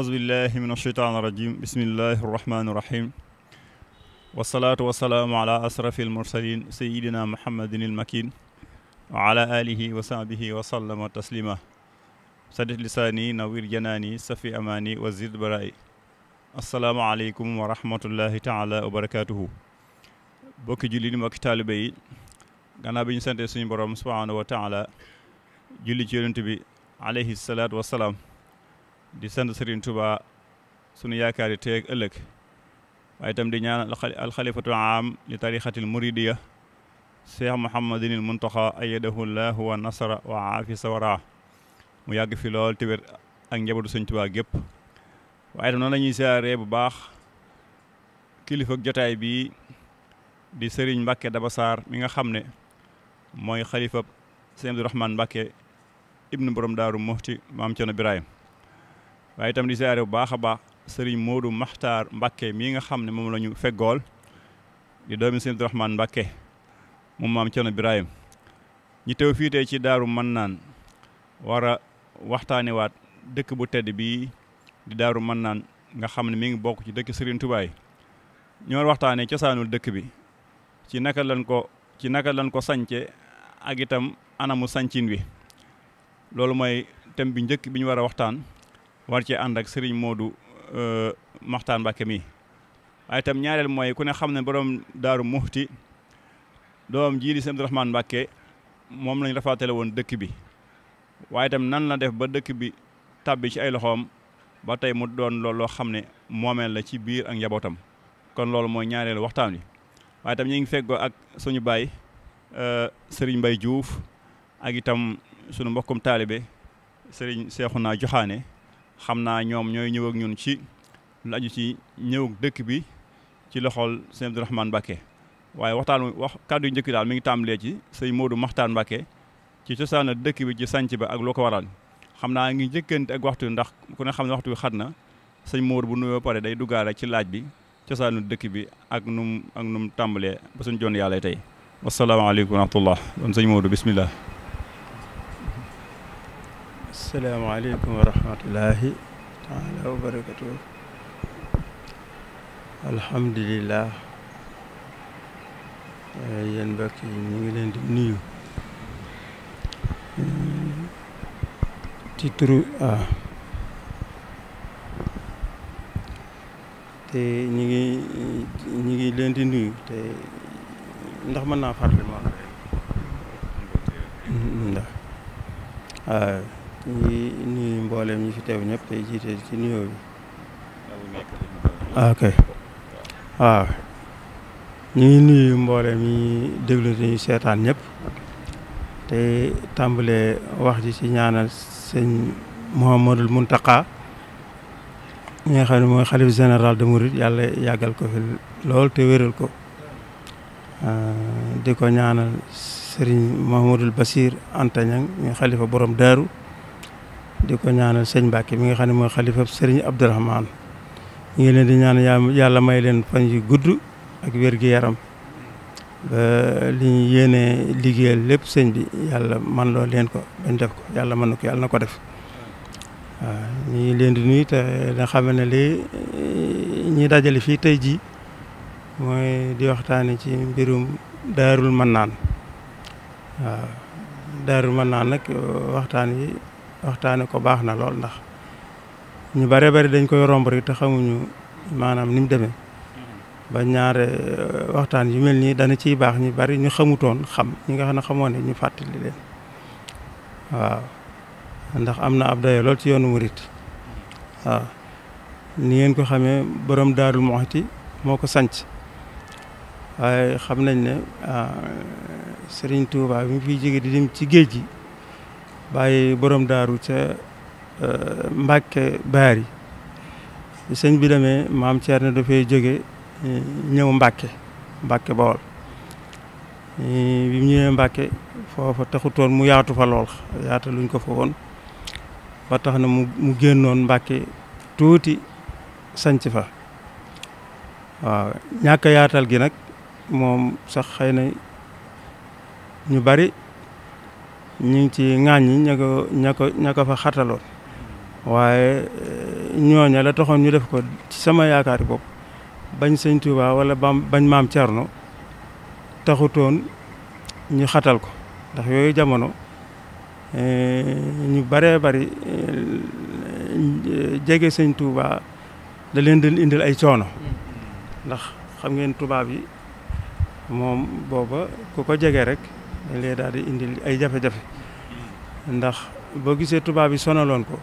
aoudu billahi min asheytaan irajim bismillahi arrahmani irrahim wasalaatu wasalaamu ala asrafi almursalin sayidina muhammadin ilmakin wa ala alihi wa sahbihi wa sallama taslima sadit lisaani nawir janaani safi amaani wa zid baraay assalaamu aleykum wa rahmatullahi taala wa barakatuhu bokki julli ni mbokki taalibe yi gannaaw bi ñu sante suñu borom subhanahu wa taala julli ci yonent bi alayhi salaatu wasalaam di sant sëriñ Touba sunu yaakaar yi teeg ëllëg waaye itam di ñaan alxalifatul am li tarixatil muridiya cheikh Mouhamadinil Muntaxa ayadahu llahu wa nasara wa aafi sawara mu yàgg fi lool te wér ak njabootu Sëñ Tuubaa gépp waaye itam noonu la ñuy siyaaree bu baax kilifa jotaay bi di Sëriñ Mbàkke Daba Sarr mi nga xam ne mooy xalifa Sëñ Abdou Rahman Mbàkke ibnu borom daaru muxti maam Cerno Birahim waaye itam di ziare bu baax a baax sëriñ Modou Maxtaar Mbacke mii nga xam ne moom la ñu feggool di doomi sëriñ Abdourahmane Mbacke moom maam Cerno Birahim ñi teew fii tey ci daaru Mannaan war a waxtaanewaat dëkk bu tedd bii di daaru naan nga xam ne mi ngi bokk ci dëkk Serigne Touba yi ñoo waxtaanee cosaanul dëkk bi ci naka lañ ko ci naka lañ ko sance ak itam anamu sancin bi loolu mooy thème bi njëkk bi ñu war a waxtaan war cee ànd ak sëriñ moodu euh, maxtaan Mbàkke mi waaye itam ñaareel mooy ku ne xam ne borom daaru muxti doom jii di sëñ Abdourahmane Mbàkke moom lañ rafaatale woon dëkk bi waaye itam nan la def ba dëkk bi tàbbi ci ay loxoom ba tey mu doon loolu loo xam ne moomeel la ci biir ak njabootam kon loolu mooy ñaareel waxtaan wi waaye itam ñu ngi feggoo ak suñu baay euh, sëriñ Mbay Juuf ak itam suñu mbokkum taalibe sëriñ naa Joxaane xam naa ñoom ñooy ñëw ak ñun ci lu aju ci ñëw dëkk bi ci loxol sëñ Abdourahmane Mbacké waaye waxtaan wax kàddu yu njëkk daal mi ngi tàmbalee ci sëñ Modou Maxtaar Mbacké ci cosaana dëkk bi ci sanc ba ak loo ko waral xam naa ngi njëkkante ak waxtu ndax ku ne xam ne waxtu xat na sëñ Modou bu nuyoo pare day duggaale ci laaj bi cosaanu dëkk bi ak num ak num tàmbalee ba suñ jon yàlla tey wasalaamaaleykum wa rahmatullah kon sëñ Modou bismillah asalaamaaleykum wa rahmatullahi taala wa barakatuhu alhamdulilah eh, yéen mbokk yi ngi leen di nuyu ci turu a ah, te ñu ngi leen di nuyu te ndax mën naa fàttali ma ndax ah, ñi nuyu mbooleem ñu fi teew ñëpp tey jiite ci nuyoo bi ah, ok waaw ah, ñu ngi nuyu mbooleem ñi déglu ñu seetaan ñëpp te tàmbalee wax ji ci ñaanal sëñ Mouhamadul Mountakha ñi nga xam ne mooy xalif général de Mouride yàlla yàggal ko fi lool te wéral ko ah, di ko ñaanal sëriñ Mouhamadul Basir Antañang ñu xalifa borom daaru di ko ñaanal sëñ Mbacke mi nga xam ne mooy xalifa sëriñ Abdourahmane ñu ngi leen di ñaan yàlla may leen fan yu gudd ak wér-gi-yaram ba li ñu liggéeyal lépp sëñ bi yàlla man loo leen ko bañ def ko yàlla man na ko yàlla na ko def waaw leen di nuyu te nga xam ne lii eh, ñi dajale fii tey jii mooy di waxtaane ci mbirum daarul mannaan naan daarul mannaan nag waxtaan yi waxtaane ko baax na lool ndax ñu bare bari dañ koy romb rek te xamuñu maanaam ni mu demee mm-hmm. ba ñaare eh, waxtaan yu mel nii dana ciy baax ñu bari ñu xamutoon xam ñi nga xam ne xamoo ne ñu fàttali leen waaw ndax am na ab dayo lool ci yoonu murit waaw ni ngeen ko xamee borom daarul moxti moo ko sanc waaye xam nañ ne ah, Serigne Touba bi mu fiy jóge di ci géej gi bàyyi borom daaru ca eh, Mbàkke Baari sëñ bi demee maam Thierno dafay jóge eh, ñëw Mbàkke Mbàkke Bawol eh, bi mu ñëwee Mbàkke foofa taxutoon mu yaatu fa lool yaata luñ ko fa woon ba na mu génnoon Mbàkke tuuti sanc fa waaw ñàkk yaatal gi nag moom sax xëy na ñu bari ñu ngi ci ŋàññi ña ko ña ko ña ko fa xartaloon waaye eh, ñooña la toxoon ñu def ko sama yaakaari bopp bañ sëñ Tuuba wala bañ maam Cerno taxutoon ñu xatal ko ndax yooyu jamono eh, ñu baree bari eh, jege sëñ Tuuba da leen di indil ay coono ndax xam ngeen tubaab yi moom booba ku ko jege rek lee daal di indil ay jafe-jafe ndax boo gisee tubaab yi sonaloon ko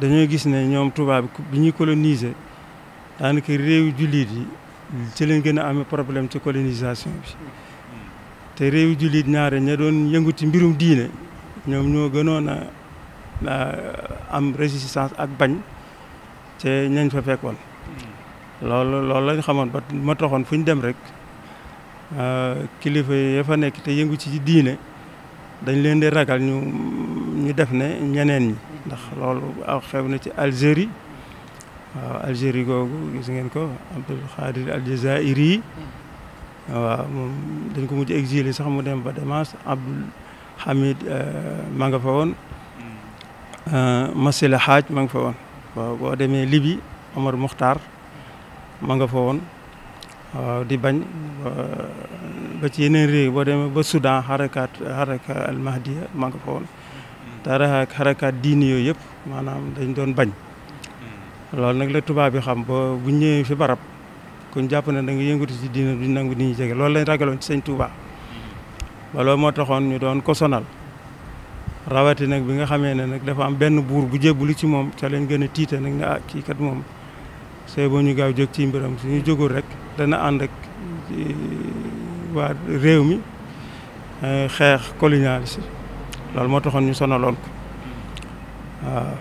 dañoo gis ne ñoom tubaab bi ñuy coloniser daanaka réew jullit yi ci lañ gën a amee problème ci colonisation bi te réew jullit ñaare ña doon yëngu ci mbirum diine ñoom ñoo gënoon a am résistance ak bañ te ñañ fa fekkoon loolu loolu lañ xamoon ba ma taxoon fu ñu dem rek Euh, kilifa yi fa nekk te yëngu ci diine dañ leen di ragal ñu ñu def ne ñeneen ñi ndax loolu aw na ci Algérie waaw Algérie googu gis ngeen ko Abdul Xaadir Aljazairi waaw dañ ko mujj exilé sax mu dem ba Damas Abdul Hamid euh, ma nga fa woon euh, Masila Haaj ma nga fa woon waaw boo demee libi Omar Muxtaar ma nga fa woon Euh, di bañ euh, ba ci yeneen boo demee ba Soudan xarakaat xaraka al mahdiya ma yëpp maanaam dañ doon bañ loolu nag la tubaab bi xam ba bu ñëwee fi barab kuñ jàpp ne da nga yëngatu ci diina duñ nangu nit ñi jege loolu lañ ragaloon ci sëñ Touba moo toxoon ñu doon ko sonal rawati nag bi nga xamee ne nag dafa am benn buur bu jébbalu ci moom ca lañ gën a tiite nag ne ah kii kat moom sooy boo ñu gaaw jóg ci mbiram suñu jógul rek dana ànd ak eh, waa réew mi eh, xeex colonialiste loolu moo toxoon ñu sonaloon ko waaw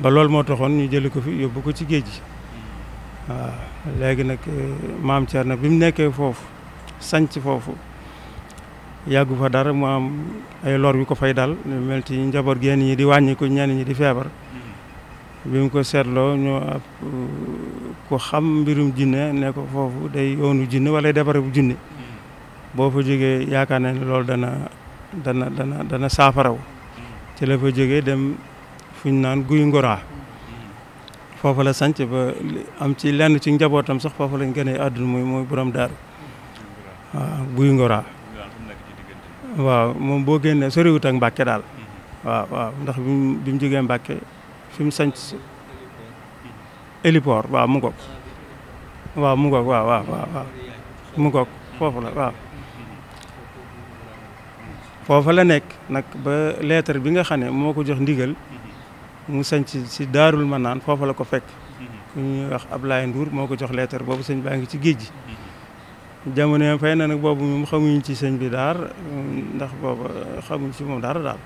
ba loolu moo toxoon ñu jëli ko fi yóbbu ko ci géej gi waaw léegi nag eh, maam Thierno bi mu nekkee foofu sanc foofu yàgg fa dara mu am ay loor yu ko fay dal mel ci njaboot genn ñi di wàññi ko ñenn ñi di feebar bi mu ko seetloo ñu ab ku xam mbirum jinne ne ko foofu day yoonu jinne wala defare bu jinne boo fa jógee yaakaar na ne loolu dana dana dana saafaraw ci la fa jógee dem fu ñu naan guy ngoraa foofu la sanc ba am ci lenn ci njabootam sax foofu lañ gënee àdduna muy muy borom daaru waaw guy ngoraa waaw moom boo génnee soriwut ak Mbàkke daal waaw ndax bi mu jógee Mbàkke fi mu sanc héliport waaw mu ngoog waaw mu ngoog foofu la waaw foofa la nekk nag ba lettre bi nga xam ne moo ko jox ndigal mu sanc si daarul ma naan foofa la ko fekk ku ñuy wax Ablaye Ndour moo ko jox lettre boobu sëñ baa ngi ci géej gi jamono fay na nag boobu moom xamuñu ci sëñ bi daar ndax boobu xamuñ ci moom dara daal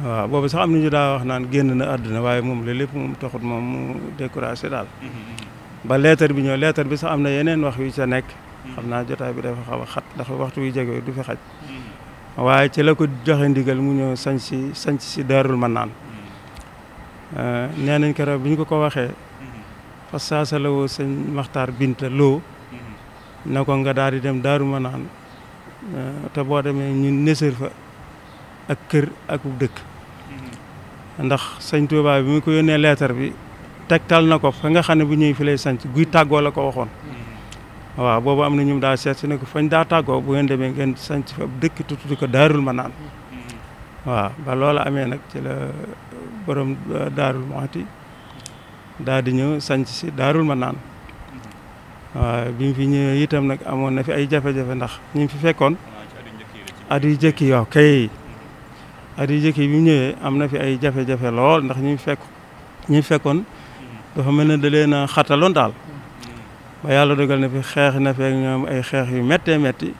waaw boobu sax am nañu daa wax naan génn na àdduna waaye moom la lépp moom taxut moom mu découragé daal mm-hmm, mm-hmm. ba leetar bi ñëw leetar bi sax am na yeneen wax yu sa nekk mm-hmm. xam naa jotaay bi dafa xaw xat ndax waxtu wi jege du fi xaj waaye ci la ko joxe ndigal mu ñëw sañ si sañ si daarul man naan euh, nee nañ keroog bi ñu ko ko waxee fas saasa la woo sëñ maxtaar binta loo na ko nga daal di dem daaru ma naan euh, te boo demee ñu nësër fa ak kër ak dëkk ndax sëñ Touba bi mu ko yónnee leetar bi tegtal na ko fa nga xam ne bu ñëwee fi lay sanc guy tàggoo la ko waxoon waaw boobu am na ñu daa seet si ne ko fañ daa tàggoo bu ngeen demee ngeen sanc fa dëkk tudd ko daarul ma naan waaw ba loola amee nag ci la borom euh, daarul moxti daa di ñëw sanc si daarul ma naan waaw bi ñëw fi ñëwee itam nag amoon na fi ay jafe-jafe ndax ñu fi fekkoon at yu jëkki waaw kay at yi jëkk yi bi ñëwee am na fi ay jafe-jafe lool ndax ñuy fekk ñuy fekkoon dafa mel ne da xataloon daal ba yàlla dogal na fi xeex na fek ñoom ay xeex yu mette métti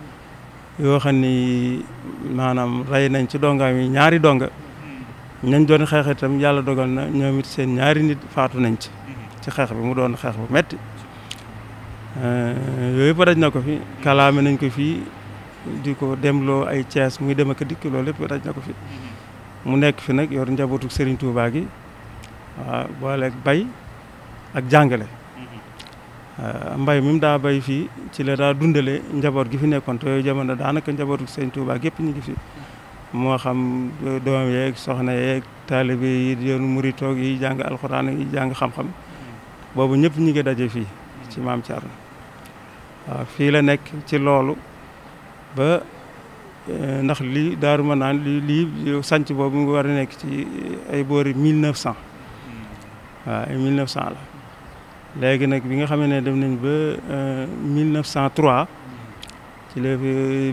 yoo xam ni maanaam rey nañ ci dongaam yi ñaari donga ñañ doon xeex itam yàlla dogal na ñoom it seen ñaari nit faatu nañ ci ci xeex bi mu doon xeex bu métti euh, yooyu yëpp daj na ko fi kalaame nañ ko fii di ko demloo ay Cees muy dem ak dikk loolu lépp daj na ko fi mu nekk fi nag yor njabootu Serigne Touba gi waaw booleeg bay ak jàngale. Mm-hmm. mbay mi mu daa bay fii ci la daa dundale njaboot gi fi nekkoon te yooyu jamono daanaka njabootu Serigne Touba gépp ñu ngi fi. Mm-hmm. moo xam e, doom yeeg soxna yee taalibe yi yoonu muritoog yi jàng alxuraan yi jàng xam-xam mm-hmm. boobu ñëpp ñi ngi daje fii ci maam Thierno waaw fii la nekk ci loolu Eh, ndax lii daaru manaan lii lii sànc boobu mu war a nekk ci eh, ay boori mille neuf cent hmm. waaw ay mille neuf cent la léegi nag bi nga xam ne dem nañ ba eh, mille neuf cent trois ci le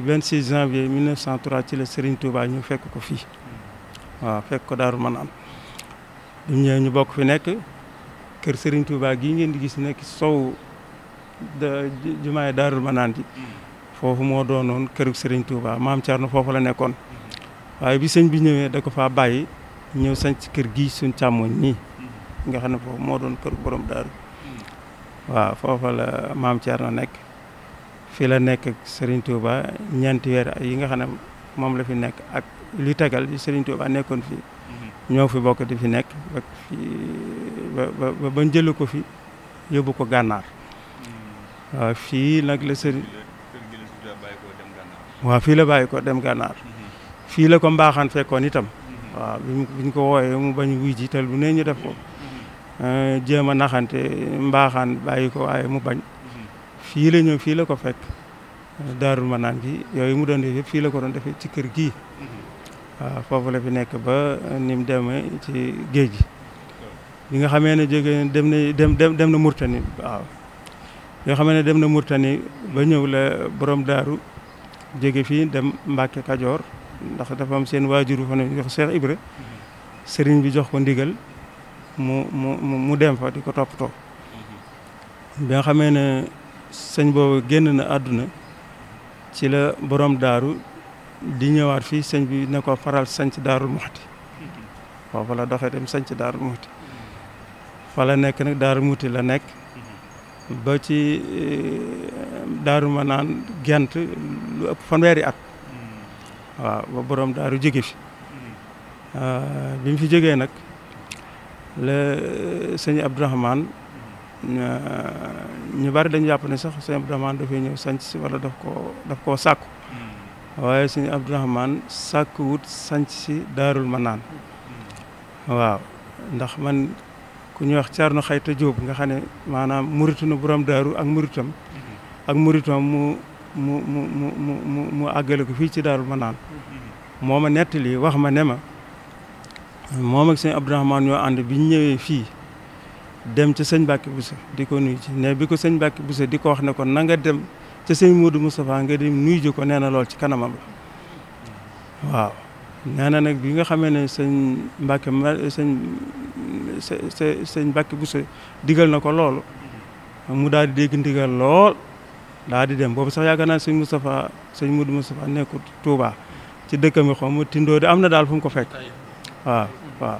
vingt six janvier mille neuf cent trois ci la Serigne Touba ñu fekk ko fii hmm. waaw fekk ko daaru ma naan bi ñu bokk fi nekk kër Serigne Touba gii ngeen di gis nekk sow da jumaay manaan ma hmm. foofu moo doonoon kërug Serigne Touba maam Thierno foofu la nekkoon waaye bi sëñ bi ñëwee da ko faa bàyyi ñëw sañ kër gi suñ càmmoñ nii nga xam ne foofu moo doon kërug borom daaru waaw foofa la maam Thierno nekk fii la nekk ak Serigne ñeenti weer yi nga xam ne moom la fi nekk ak li tegal bi Serigne Touba nekkoon fii ñoo fi bokk di fi nekk ba fi ko fi yóbbu ko gànnaar waaw fii nag la Serigne waaw fii la bàyyi ko dem gànnaar mhm. fii la ko mbaaxaan fekkoon itam mhm. waaw bi ko wooyee mu bañ wuy ji tel bu ne ñu def ko mhm. euh, jéem a naxante mbaaxaan bàyyi ko waaye mu bañ fii ñëw fii la ko fekk ma manaan gi yooyu mu doon def yëpp fii la ko doon defee ci kër gi foofu la fi nekk ba ni mu demee ci géej gi bi nga xamee ne jóge dem na dem dem na Murtani waaw bi nga xamee ne dem na Murtani ba ñëw la borom daaru jóge fii dem mbakke Kajoor ndax dafa am seen waajuru fa ne jox Cheikh sëriñ bi jox ko ndigal mu mu mu dem fa di ko toppatoo. bi nga xamee ne sëñ boobu génn na àdduna ci la boroom daaru di ñëwaat fii sëñ bi ne ko faral sanc daarul Muxti foofu la doxee dem sanc daarul Muxti fa la nekk nag daarul Muxti la nekk. ba ci eh, daaru ma naan gent lu ëpp fanweeri at hmm. waaw ba borom daaru jóge fi hmm. ah, bi mu fi jógee nag la eh, sëñ Abdourahman hmm. ah, ñu bari dañu jàpp ne sax sëñ Abdourahman dafay ñëw sanc si wala daf koo daf koo sàkku waaye sëñ Abdourahman sàkku wut sanc si daarul ma naan waaw ndax man ku ñuy wax Thierno Xayta Diop nga xam ne maanaam muritunu borom daaru ak muritam ak muritam mu mu mu mu mu mu ko fii ci daarul ma naan moo ma nettali wax ma ne ma moom ak sëñ Abdourahmane ñoo ànd bi ñu ñëwee fii dem ca sëñ Mbacke Bousso di ko nuyu ci ne bi ko sëñ Mbacke Bousso di ko wax ne ko na nga dem ca sëñ Modou Moustapha nga dem nuyu ko nee na lool ci kanamam la waaw nee nag bi nga xamee ne sëñ Mbacke ma sëñ sëñ bu Bousso digal na ko loolu mu daal di dégg ndigal lool daal dem boobu sax yaakaar naa sëñ Moustapha sëñ Moudou Moustapha nekkul tuuba ci dëkk mi xaw ma am na daal fu mu ko fekk waaw waaw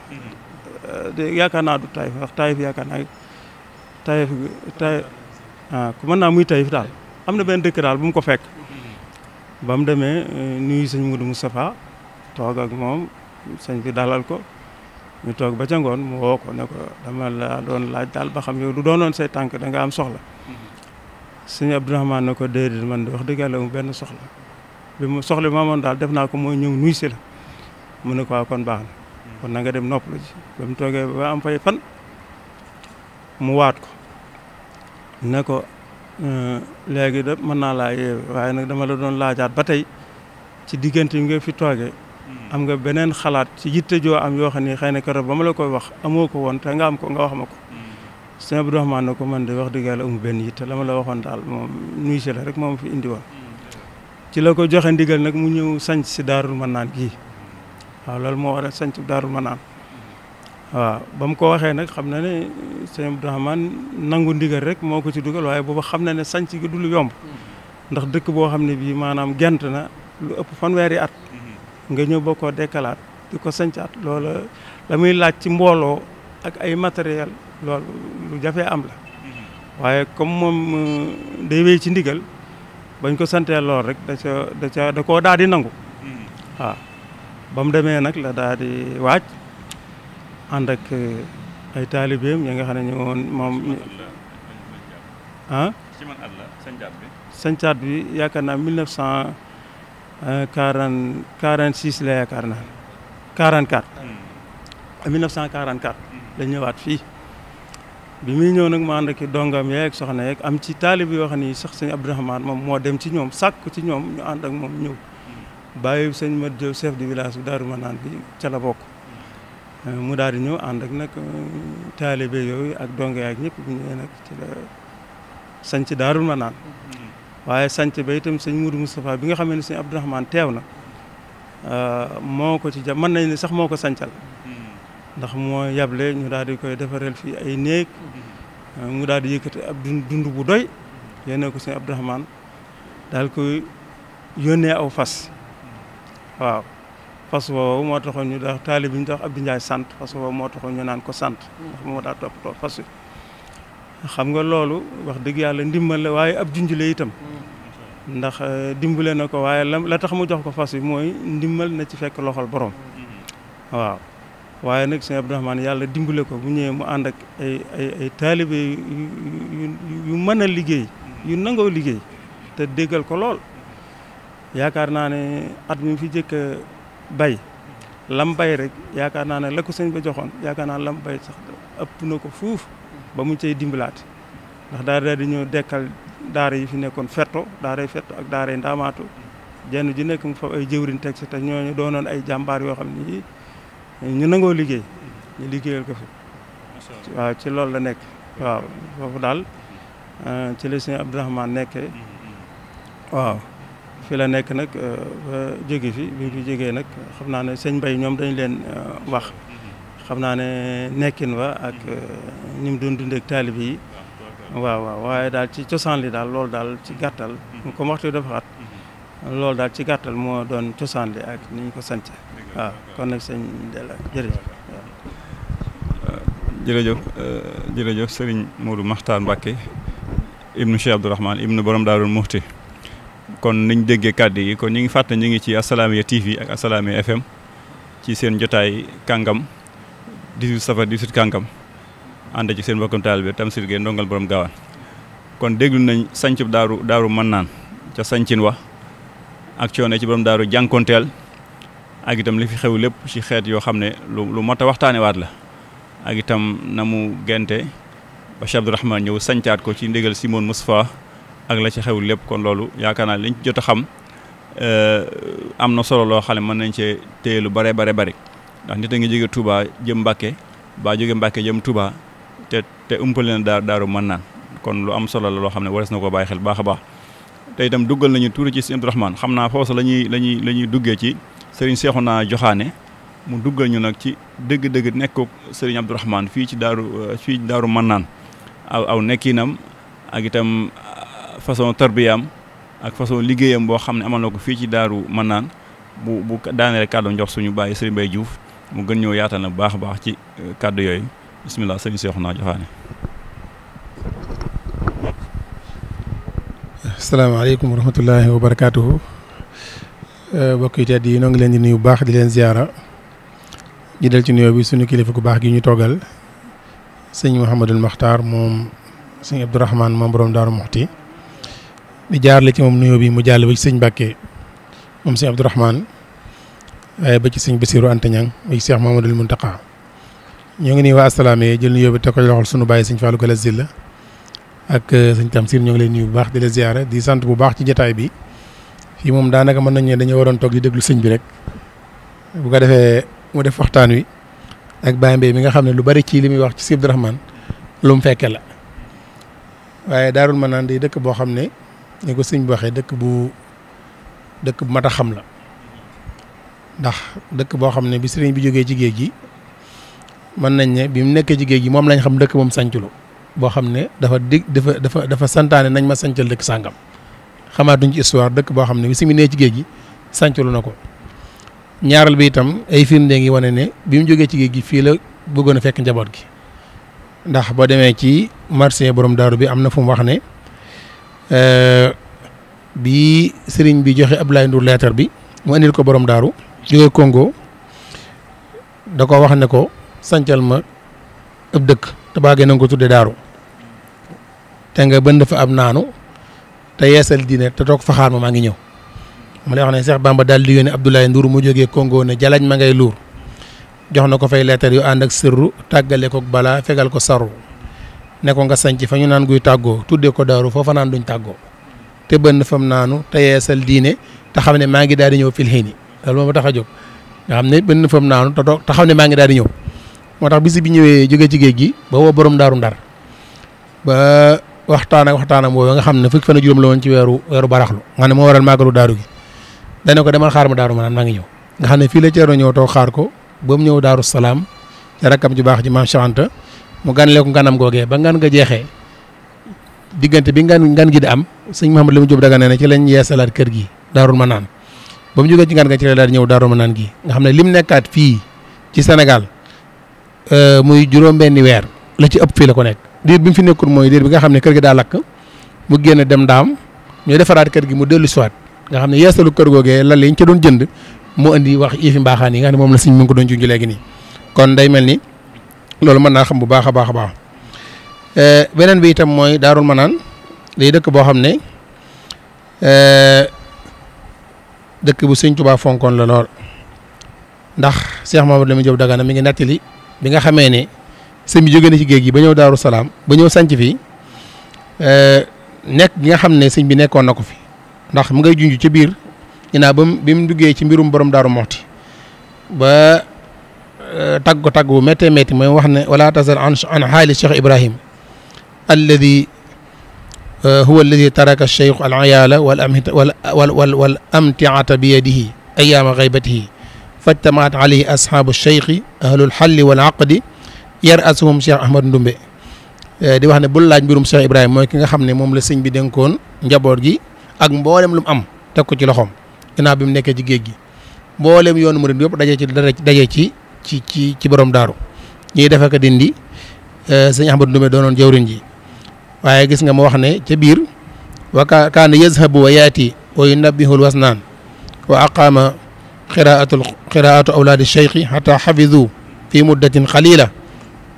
mhm. yaakaar naa du Taïf yaakaar naa Taïf Taïf ah, naa muy Taïf daal am na benn dëkk daal bu mu ko fekk mhm. ba mu demee eh, nuyu sëñ Moudou toog ak moom sëñ bi dalal ko ñu toog ba ca ngoon mu woo ko dama la doon laaj daal ba xam yow du doonoon sey tànk danga nga am soxla sëñ Abdourahmane ne ko déedéet man di wax dëgg yàlla mu benn soxla mu soxla bi ma def naa ko mooy ñëw nuy si mu ne ko waaw ah, na nga dem noppalu ji ba fay fan mu ko ne ko euh, léegi de mën naa laa waaye nag dama la doon laajaat ba tey ci diggante yi nga fi toogee am nga beneen xalaat ci yitte joo am yoo xam ne xëy na keroog ba ma la koy wax amoo ko woon te nga am ko nga wax ma ko. sëñ Abdou Rahmane na ko man wax dëgg yàlla amul benn yitte la ma la waxoon daal moom nuyu si la rek moom fi indi woon ci la ko joxe nag mu ñëw sanc si Daarul Manaan gii waaw loolu moo waral sanc Daarul Manaan waaw ko waxee nag xam na ne sëñ Abdou nangu ndigal rek moo ko ci dugal waaye booba xam na ne sanc gi du lu yomb ndax dëkk boo xam ne bii maanaam gent na lu ëpp fanweeri at. nga ñëw ba koo dekkalaat di ko sancaat loola la muy laaj ci mbooloo ak ay matériel lool lu jafee am la waaye comme moom euh, day wéy ci ndigal bañ ko santee lool rek da ca da ca daal di nangu waaw ba mu demee nag la daal di waaj ànd ak euh, ay taalibeem ñi nga xam ne ñu woon moom ah sancaat bi yaakaar naa mille neuf cent Euh, quarante quarante six la yaakaar naa quarante quatre. 1944. la ñëwaat fii bi muy ñëw nag mu ànd ak dongam yeeg soxna yeeg am ci taalib yoo xam ne sax sëñ Abdourahmane moom moo dem ci ñoom sàkk ci ñoom ñu ànd moom ñëw. Hmm. bàyyi sëñ ma Diop chef de village bu Darou Manane bi ca bokk. Hmm. Euh, mu daal di ñëw ànd nag euh, taalibe yooyu ak donga yaak ñëpp bu ñëwee nag sañ ci Darou Manane. waaye sanc ba itam sëñ Moudou Moustapha bi nga xamee ni sëñ Abdourahmane teew na euh, moo ko ci jàpp man nañ ne sax moo ko sancal hmm. ndax moo yable ñu daal di koy defareel fii ay néeg hmm. mu daal di yëkkati ab dund bu doy yónnee ko sëñ Abdourahmane daal koy yónnee aw fas hmm. waaw fas woowu moo taxoon ñu daal taalib ñu tax Abdou Ndiaye sant fas woowu moo taxoon naan ko sant ndax moo daa toppatoo fas wi xam nga loolu wax dëgg yàlla ndimbal la waaye ab junj la itam ndax euh, dimbale na ko waaye la tax mu jox ko fas mooy ndimbal na ci fekk loxol borom waaw waaye nag sëñ Abdourahmane yàlla dimbale ko bu ñëwee mu ànd ak taalibe yu mën a liggéey yu nangoo liggéey te déggal ko lool yaakaar naa ne at mi fi jëkk bay lam bay rek yaakaar naa ne la ko sëñ ba joxoon yaakaar naa lam bay sax ëpp na ko fuuf ba mu cay dimbalaat ndax daara dañoo dekkal daara yi fi nekkoon ferto daaray ferto ak daaray ndaamaatu jenn ji nekk mu fa ay jëwriñ teg si te ñooñu doonoon ay jàmbaar yoo xam ne yii ñu nangoo liggéey ñu liggéeyal ko fi waaw ci loolu la nekk waaw foofu daal euh, ci lessin sëñ Abdourahmane mm, mm. waaw fi la nekk nag euh, ba jóge fi bi fi jógee nag xam naa ne sëñ Mbay ñoom dañ leen euh, wax xam naa ne nekkin wa ak ñu euh, mu doon dundee ak taalib yi waaw waaw waaye daal ci cosaan li daal loolu daal ci gàttal comme waxtu dafa xat loolu daal ci gàttal moo doon cosaan ak ni ko sant waaw kon nag sëñ Della jërëjëf euh, jërëjëf euh, jërëjëf sëriñ Modou Makhtar Mbacke ibnu Cheikh Abdourahmane ibnu borom Daarul Muxti kon niñ déggee kàddu yi kon ñu ngi fàttali ñu ngi ci Assalaamy TV ak Assalaamy FM ci seen jotaay kàngam 18 safar 18 kànkam ànd ci seen mbokkam taalibe Tamsir Gueye ndongal borom gaawaan kon déglu nañ sañc daaru daaru man naan ca sañcin wa ak coono ci borom daaru jànkonteel ak itam li fi xew lépp ci xeet yoo xam ne lu lu mot a waxtaane waat la ak itam na mu gente ba Cheikh Abdourahmane ñëw sañcaat ko ci ndigal Simon Moustapha ak la ci xew lépp kon loolu yaakaar naa liñ jot a xam eh, am na solo loo xam ne mën nañ cee téye lu bare bare bari ndax nit a ngi jóge tubaa jëm Mbacke baa jóge Mbacke jëm tubaa te te umpale na daaru mën naan kon lu am solo la loo xam ne wares na ko bàyyi xel baax a baax te itam duggal nañu tuuri ci Sëriñ Abdourahmane xam naa foofu la ñuy la ñuy la ñuy duggee ci Serigne Cheikhouna Joxaane mu duggal ñu nag ci dëgg-dëgg nekkook Serigne Abdourahmane fii ci daaru fii daaru mën naan aw aw nekkiinam ak itam façon tarbiyaam ak façon liggéeyam boo xam ne amal na ko fii ci daaru mën bu bu daanee rek kàddu njox suñu bàyyi Serigne Mbaye Diouf mu gën ñëw yaatal na bu baax a baax ci euh, kàddu yooyu bisimilah sëñ Seexuna Joxaane. asalaamaaleykum wa rahmatullahi wa barakaatuhu euh, yi tedd ngi leen di nuyu bu baax di leen ziyaara di dal ci nuyoo bi suñu kilifa gu baax gi ñu toogal sëñ Mouhamadul Makhtar moom sëñ Abdourahman moom borom Daaru Muxti di jaarale ci moom nuyoo bi mu jàll ba ci sëñ Mbàkke moom sëñ Abdourahman. waaye ba ci sëñ Basiiru Anta Ñaŋ ba ci Seex Mamadul Muntaqa ñoo ngi nii waa asalaamee jël nuyoo bi te ko loxol sunu bàyyi sëñ Fallou Galass Syll la ak euh, sëñ Tamsir ñoo ngi leen nuyu bu baax di la ziyaara di sant bu baax ci jotaay bi fii moom daanaka mën nañu ne dañoo waroon toog di lu sëñ bi rek bu ko defee mu def waxtaan wi ak Baye Mbaye mi nga xam ne lu bari ci li muy wax ci Sëñ Abdou Rahmane lu mu fekke la waaye Daarul naan di dëkk boo xam ne ñu ko sëñ bi waxee dëkk bu dëkk bu mat a xam la ndax dëkk boo xam ne bi sëriñ bi jógee ci géej gi mën nañ ne bi mu nekkee ci géej gi moom lañ xam dëkk moom sanculu boo xam ne dafa dig dafa dafa dafa santaane nañ ma sancal dëkk sàngam xamaatuñ ci histoire dëkk boo xam ne bi si nee ci géej gi na ko ñaaral bi itam ay firnde ngi wane ne bi mu jógee ci géej gi fii la bëggoon a fekk njaboot gi ndax boo demee ci marché borom daaru bi am na fu mu wax ne euh, bi sëriñ bi joxe Abdoulaye Ndour leetar bi mu indil ko borom daaru jóge Congo da ko wax ne ko sancal ma ëpp dëkk te baagee na nga ko tuddee daaru te nga bënd fa am naanu te yeesal diine te toog faxaar ma maa ngi ñëw ma lay wax ne Cheikh Bamba daal di yónni Abdoulaye Ndour mu jógee Congo ne jalañ ma ngay luur jox na ko fay leetar yu ànd ak sërru tàggale ko balaa fegal ko saru ne nga sanc fa ñu naan guy tàggoo tuddee ko daaru foofa naan duñ tàggoo te bënn fam naanu te yeesal diine te xam ne maa ngi daal di ñëw fil xëy loolu moo ma tax a nga xam ne benn fam naanu ta toog taxaw ne maa ngi daal di ñëw moo tax bisi bi ñëwee jógee ci gi ba woo borom daaru ndar ba waxtaan ak waxtaanam nga xam ne fukki fan ak juróom la woon ci weeru weeru baraxlu nga ne moo waral màggalu daaru gi ko demal xaar ma daaru ma naan maa ngi ñëw nga xam ne fii la ceerno ñëw toog xaar ko ba mu ñëw daaru salaam te rakkam ju baax ji maam Cheikh Anta mu ganale ko nganam googee ba ngan nga jeexee diggante bi ngan ngan gi di am sëñ Mouhamadou Lamine Diop Dagana ne ci lañ yeesalaat kër gi daarul ma naan ba mu jógee ci ngaan nga ci la daal di ñëw Daaru Manaan gi nga xam ne lim nekkaat fii ci Sénégal euh, muy juróom-benni weer la ci ëpp fii la ko nekk. diir bi mu fi nekkul mooy diir bi nga xam ne kër gi daa lakk mu génn dem ndaam ñu defaraat kër gi mu dellu siwaat nga xam ne yeesalu kër googee lal yi ñu doon jënd mu indi wax yëfi mbaaxaan yi nga xam ne moom la suñ mu ngi ko doon junj léegi nii. kon day mel ni loolu mën naa xam bu baax a baax a baax euh, bi itam mooy Daarul Manaan day dëkk boo xam ne euh, dëkk bu sëñ Tuubaa fonkoon la lool ndax Cheikh Mamadou Lamine Diop Dagana mi ngi nettali bi nga xamee ne sëñ bi jóge na ci géej gi ba ñëw Daaru Salaam ba ñëw sanc fii e, nekk gi nga xam ne sëñ bi nekkoon na ko fi ndax mu ngay junj ci biir ginnaaw ba bi mu duggee ci mbirum borom Daaru Moxti ba e, tagg tagg bu méttee métti mooy wax ne wala tasal an an Ibrahim alladi huwa alladi taraka alcheikh alayaala wal amt wal amtiata bi yadihi ayaama gaybatihi fajtamaat alayhi ashaabu cheikhi ahlulxalli wal aqdi yar asuhum cheikh ahmad ndumbe di wax ne bul laaj mbirum cheikh ibrahima mooy ki nga xam ne moom la sëñ bi dénkoon njaboot gi ak mboolem lu mu am teg ko ci loxoom ginnaaw bi mu nekkee ci géej gi mboolem yoonu murid yëpp dajee ci dajee ci ci ci ci borom daaru ñuy defe ko dindi euh, sëñ ahmad ndumbe doonoon jawriñ ji waaye gis nga mu wax ne ca biir wa kaana yazhabu wa yaati wa yunabbihul wasnaan wa aqaama qiraatu qiraatu awlaadi cheikhi xata xafidu fi muddatin qalila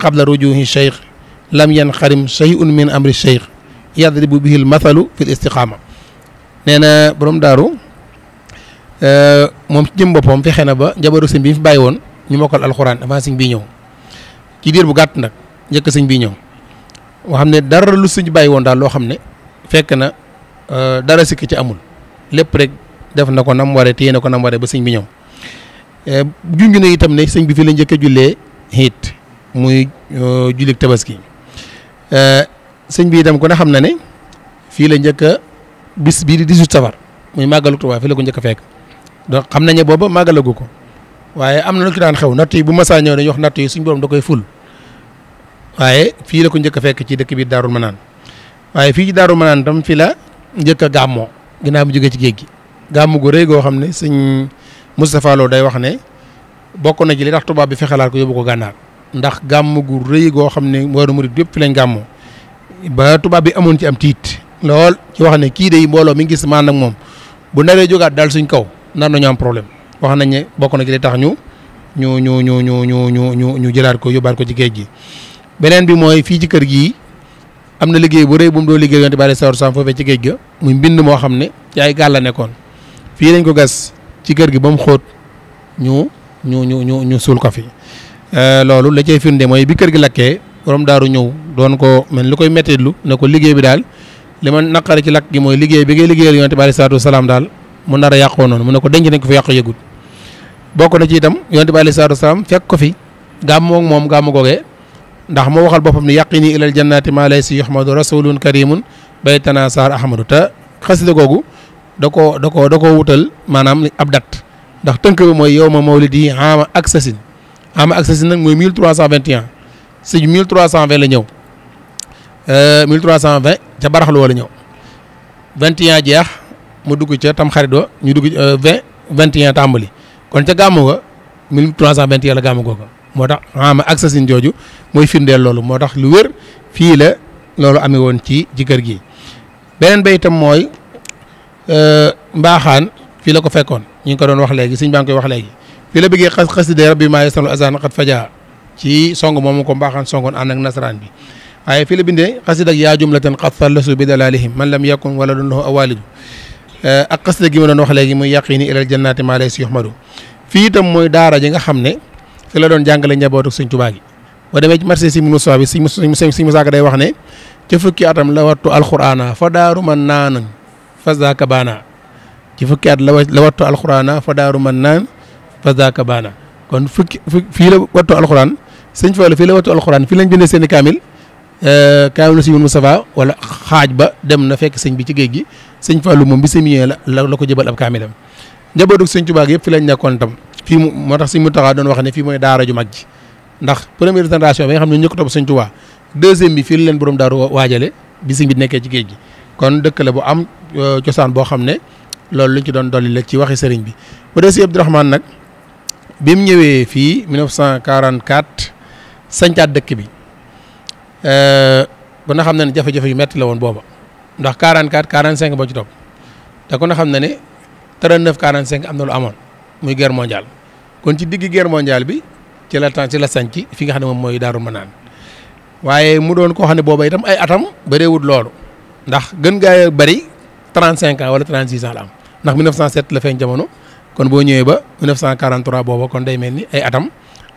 qabla rujuhi cheikh lam yanqarim cheyun min amri cheikh yadribu bihi lmathalu fi l istiqaama nee na borom daaru euh, moom jëm boppam na ba njabaru sëñ bi fi bàyyi woon ñu mokkal alxuraan avant sëñ bi ñëw ci bu gàtt nag njëkk sëñ bi ñëw nga xam ne dara lu suñ bàyyi woon daal loo xam ne fekk na euh, dara sikk ci amul lépp rek def na ko nam waree téye na ko nam waree ba sëñ bi ñëw euh, junj na itam ne sëñ bi fi la njëkk a jullee hiit muy euh, jullik tabaski sëñ bi itam ko na xam na ne fii la njëkk a bis bii di 18 safar muy màggalu Tuubaa fii la ko njëkk a fekk donc xam nañ ne booba màggalagu ko waaye am na lu daan xew natt yi bu masaa ñëw dañuy wax natt yi suñ borom da koy ful waaye fii la ko njëkk a fekk ci dëkk bi Daarul Manaan waaye fii ci Daarul Manaan tam fi la njëkk a gàmmoo ginnaaw bu ci géej gi gàmmu gu rëy xam ne sëñ Moustapha day wax ne bokk na ci li tax tubaab bi fexelaat ko yóbbu ko gànnaar ndax gàmm gu rëy goo xam ne mbooloo murit yëpp fi lañ gàmmoo ba tubaab bi amoon ci am tiit lool ci wax ne kii day mbooloo mi ngi gis maan ak moom bu naree jogaat daal suñ kaw nar nañu am problème wax nañ ne bokk na ci li tax ñu ñu ñu ñu ñu ñu ñu ñu jëlaat ko yóbbaat ko ci géej gi beneen bi mooy fii ci kër gii am na liggéey bu rey bu mu doo liggéey yonte bi aleyhi salaatu wa ci géej ga muy mbind moo xam ne ci ay gaal la nekkoon fii lañ ko gas ci kër gi ba mu xóot ñu ñu ñu ñu suul ko fi euh, loolu la cay firnde mooy bi kër gi lakkee borom daaru ñëw doon ko man li koy mettitlu ne ko liggéey bi daal li ma naqari ci lakk gi mooy liggéey bi ngay liggéeyal yonte bi salaam daal mu nar a yàqoo noonu mu ne ko denc nañ ko fi yàq yëgul bokk na ci itam yonte bi aleyhi salaatu wa fekk ko fi gàmmoog moom gàmmu googee ndax moo waxal boppam ni yaqini ilal jannati maa lay si yoxmadu rasulun karimun baytana saar ahmadu te xasida googu da koo da koo da koo wutal maanaam ab dat ndax tënk bi mooy yow ma mawlidi ama ak sasin ama ak sasin nag mooy 1321 si 1320 la ñëw 1320 euh, ca baraxlu wala ñëw 21 jeex mu dugg ca tam xarit wa ñu dugg 20 euh, 21 tàmbali kon ca gàmmu ga 1321 la gàmmu googa moo tax ama ak sasin jooju mooy firndeel loolu moo tax lu wér fii la loolu amee woon ci ci kër gi beneen ba itam mooy euh, mbaaxaan fii la ko fekkoon ñu ngi ko doon wax léegi suñ baa ngi koy wax léegi fii la bëggee xas xaside rabbi maa yasanul azaan xat fajaa ci song moomu ko mbaaxaan songoon ànd ak nasaraan bi waaye fii la bindee xasida ak yaa jumlatan qad fallasu bi dalaalihim man lam yakun waladun lahu awalidu euh, ak xasida gi ma doon wax léegi muy yaqini ilal jannaati maa laysa yuhmadu fii itam mooy daara ji nga xam ne te la doon jàngale njabootu sëñ Tuubaa gi boo demee ci marché si Moussa bi si si Moussa day wax ne ci fukki atam la wattu alxuraana fa daaru man naan fasdaaka baana ci fukki at la wattu alxuraana fa daaru man naan fasdaaka baana kon fukki fii la wattu alxuraan sëñ Fallu fii la wattu alxuraan fii lañ bindee seeni kaamil eh, kaamil si Moussa wala xaaj ba dem na fekk sëñ bi ci géej gi sëñ Fallu moom bi sëñ la la ko jëbal ab kaamilam njabootu sëñ Tuubaa gi yëpp fi lañ nekkoon tam fii mu moo tax mu Mountakha doon wax ne fii mooy daara ju mag ji ndax première génération bi nga xam ne ñëkk topp sëñ Tuubaa deuxième bi fii la leen borom daaru waajale bi sëñ bi nekkee ci géej gi kon dëkk la bu am euh, cosaan boo xam ne loolu luñ ci doon dolli la ci waxi sëriñ bi bu dee si Abdourahmane nag bi mu ñëwee fii 1944 sancaat dëkk bi euh, ba nga xam ne ne yu metti la woon booba ndax 44 45 boo ci topp te ku na xam ne ne 39 45 am na lu amoon muy guerre mondiale kon ci digg guerre mondiale bi ci la temps ci la sanc fi nga xam ne moom mooy Daaru ma naan waaye mu doon koo xam ne booba itam ay atam bëreewut loolu ndax gën gaa bëri 35 ans wala 36 ans la am ndax 1907 la feeñ jamono kon boo ñëwee ba 1943 booba kon day mel ni ay atam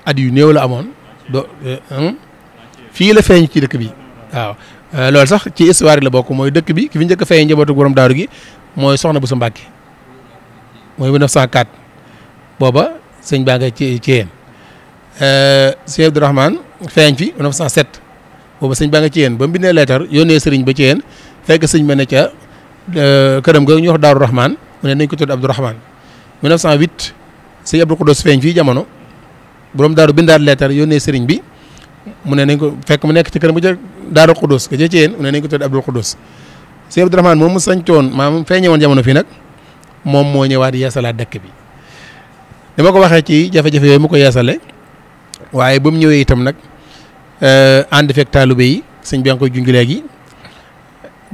at yu néew la amoon do eh, hmm? fii la feeñ ci dëkk bi waaw eh, loolu sax ci histoire la bokk mooy dëkk bi ki fi njëkk a feeñ njabootu borom daaru gi mooy soxna bu sa Mbàkke mooy 1904 booba sëñ baa nga ci ci yéen sëñ eh, Abdourahmane feeñ fi 1907 booba sëñ baa nga ci yéen ba mu bindee leetar yónnee sëriñ ba ci yéen fekk sëñ ba ne ca eh, këram ga ñu wax Daaru Rahman mu ne nañ ko tudd Abdourahmane 1908 sëñ Abdou Khoudoss feeñ fii jamono borom daaru bindaat leetar yónnee sëriñ bi mu ne nañ ko fekk mu nekk ci këram ga ca Daaru Khoudoss ga ca ci yéen mu ne nañ ko tudd Abdou Khoudoss sëñ Abdourahmane moom mu sañcoon maam feeñe woon jamono fii nag moom moo ñëwaat yeesalaat dëkk bi ni ma ko waxee ci jafe-jafe yooyu mu ko yeesale waaye ba mu ñëwee itam nag euh, ànd fekk taalibe yi sëñ bi nga koy junj léegi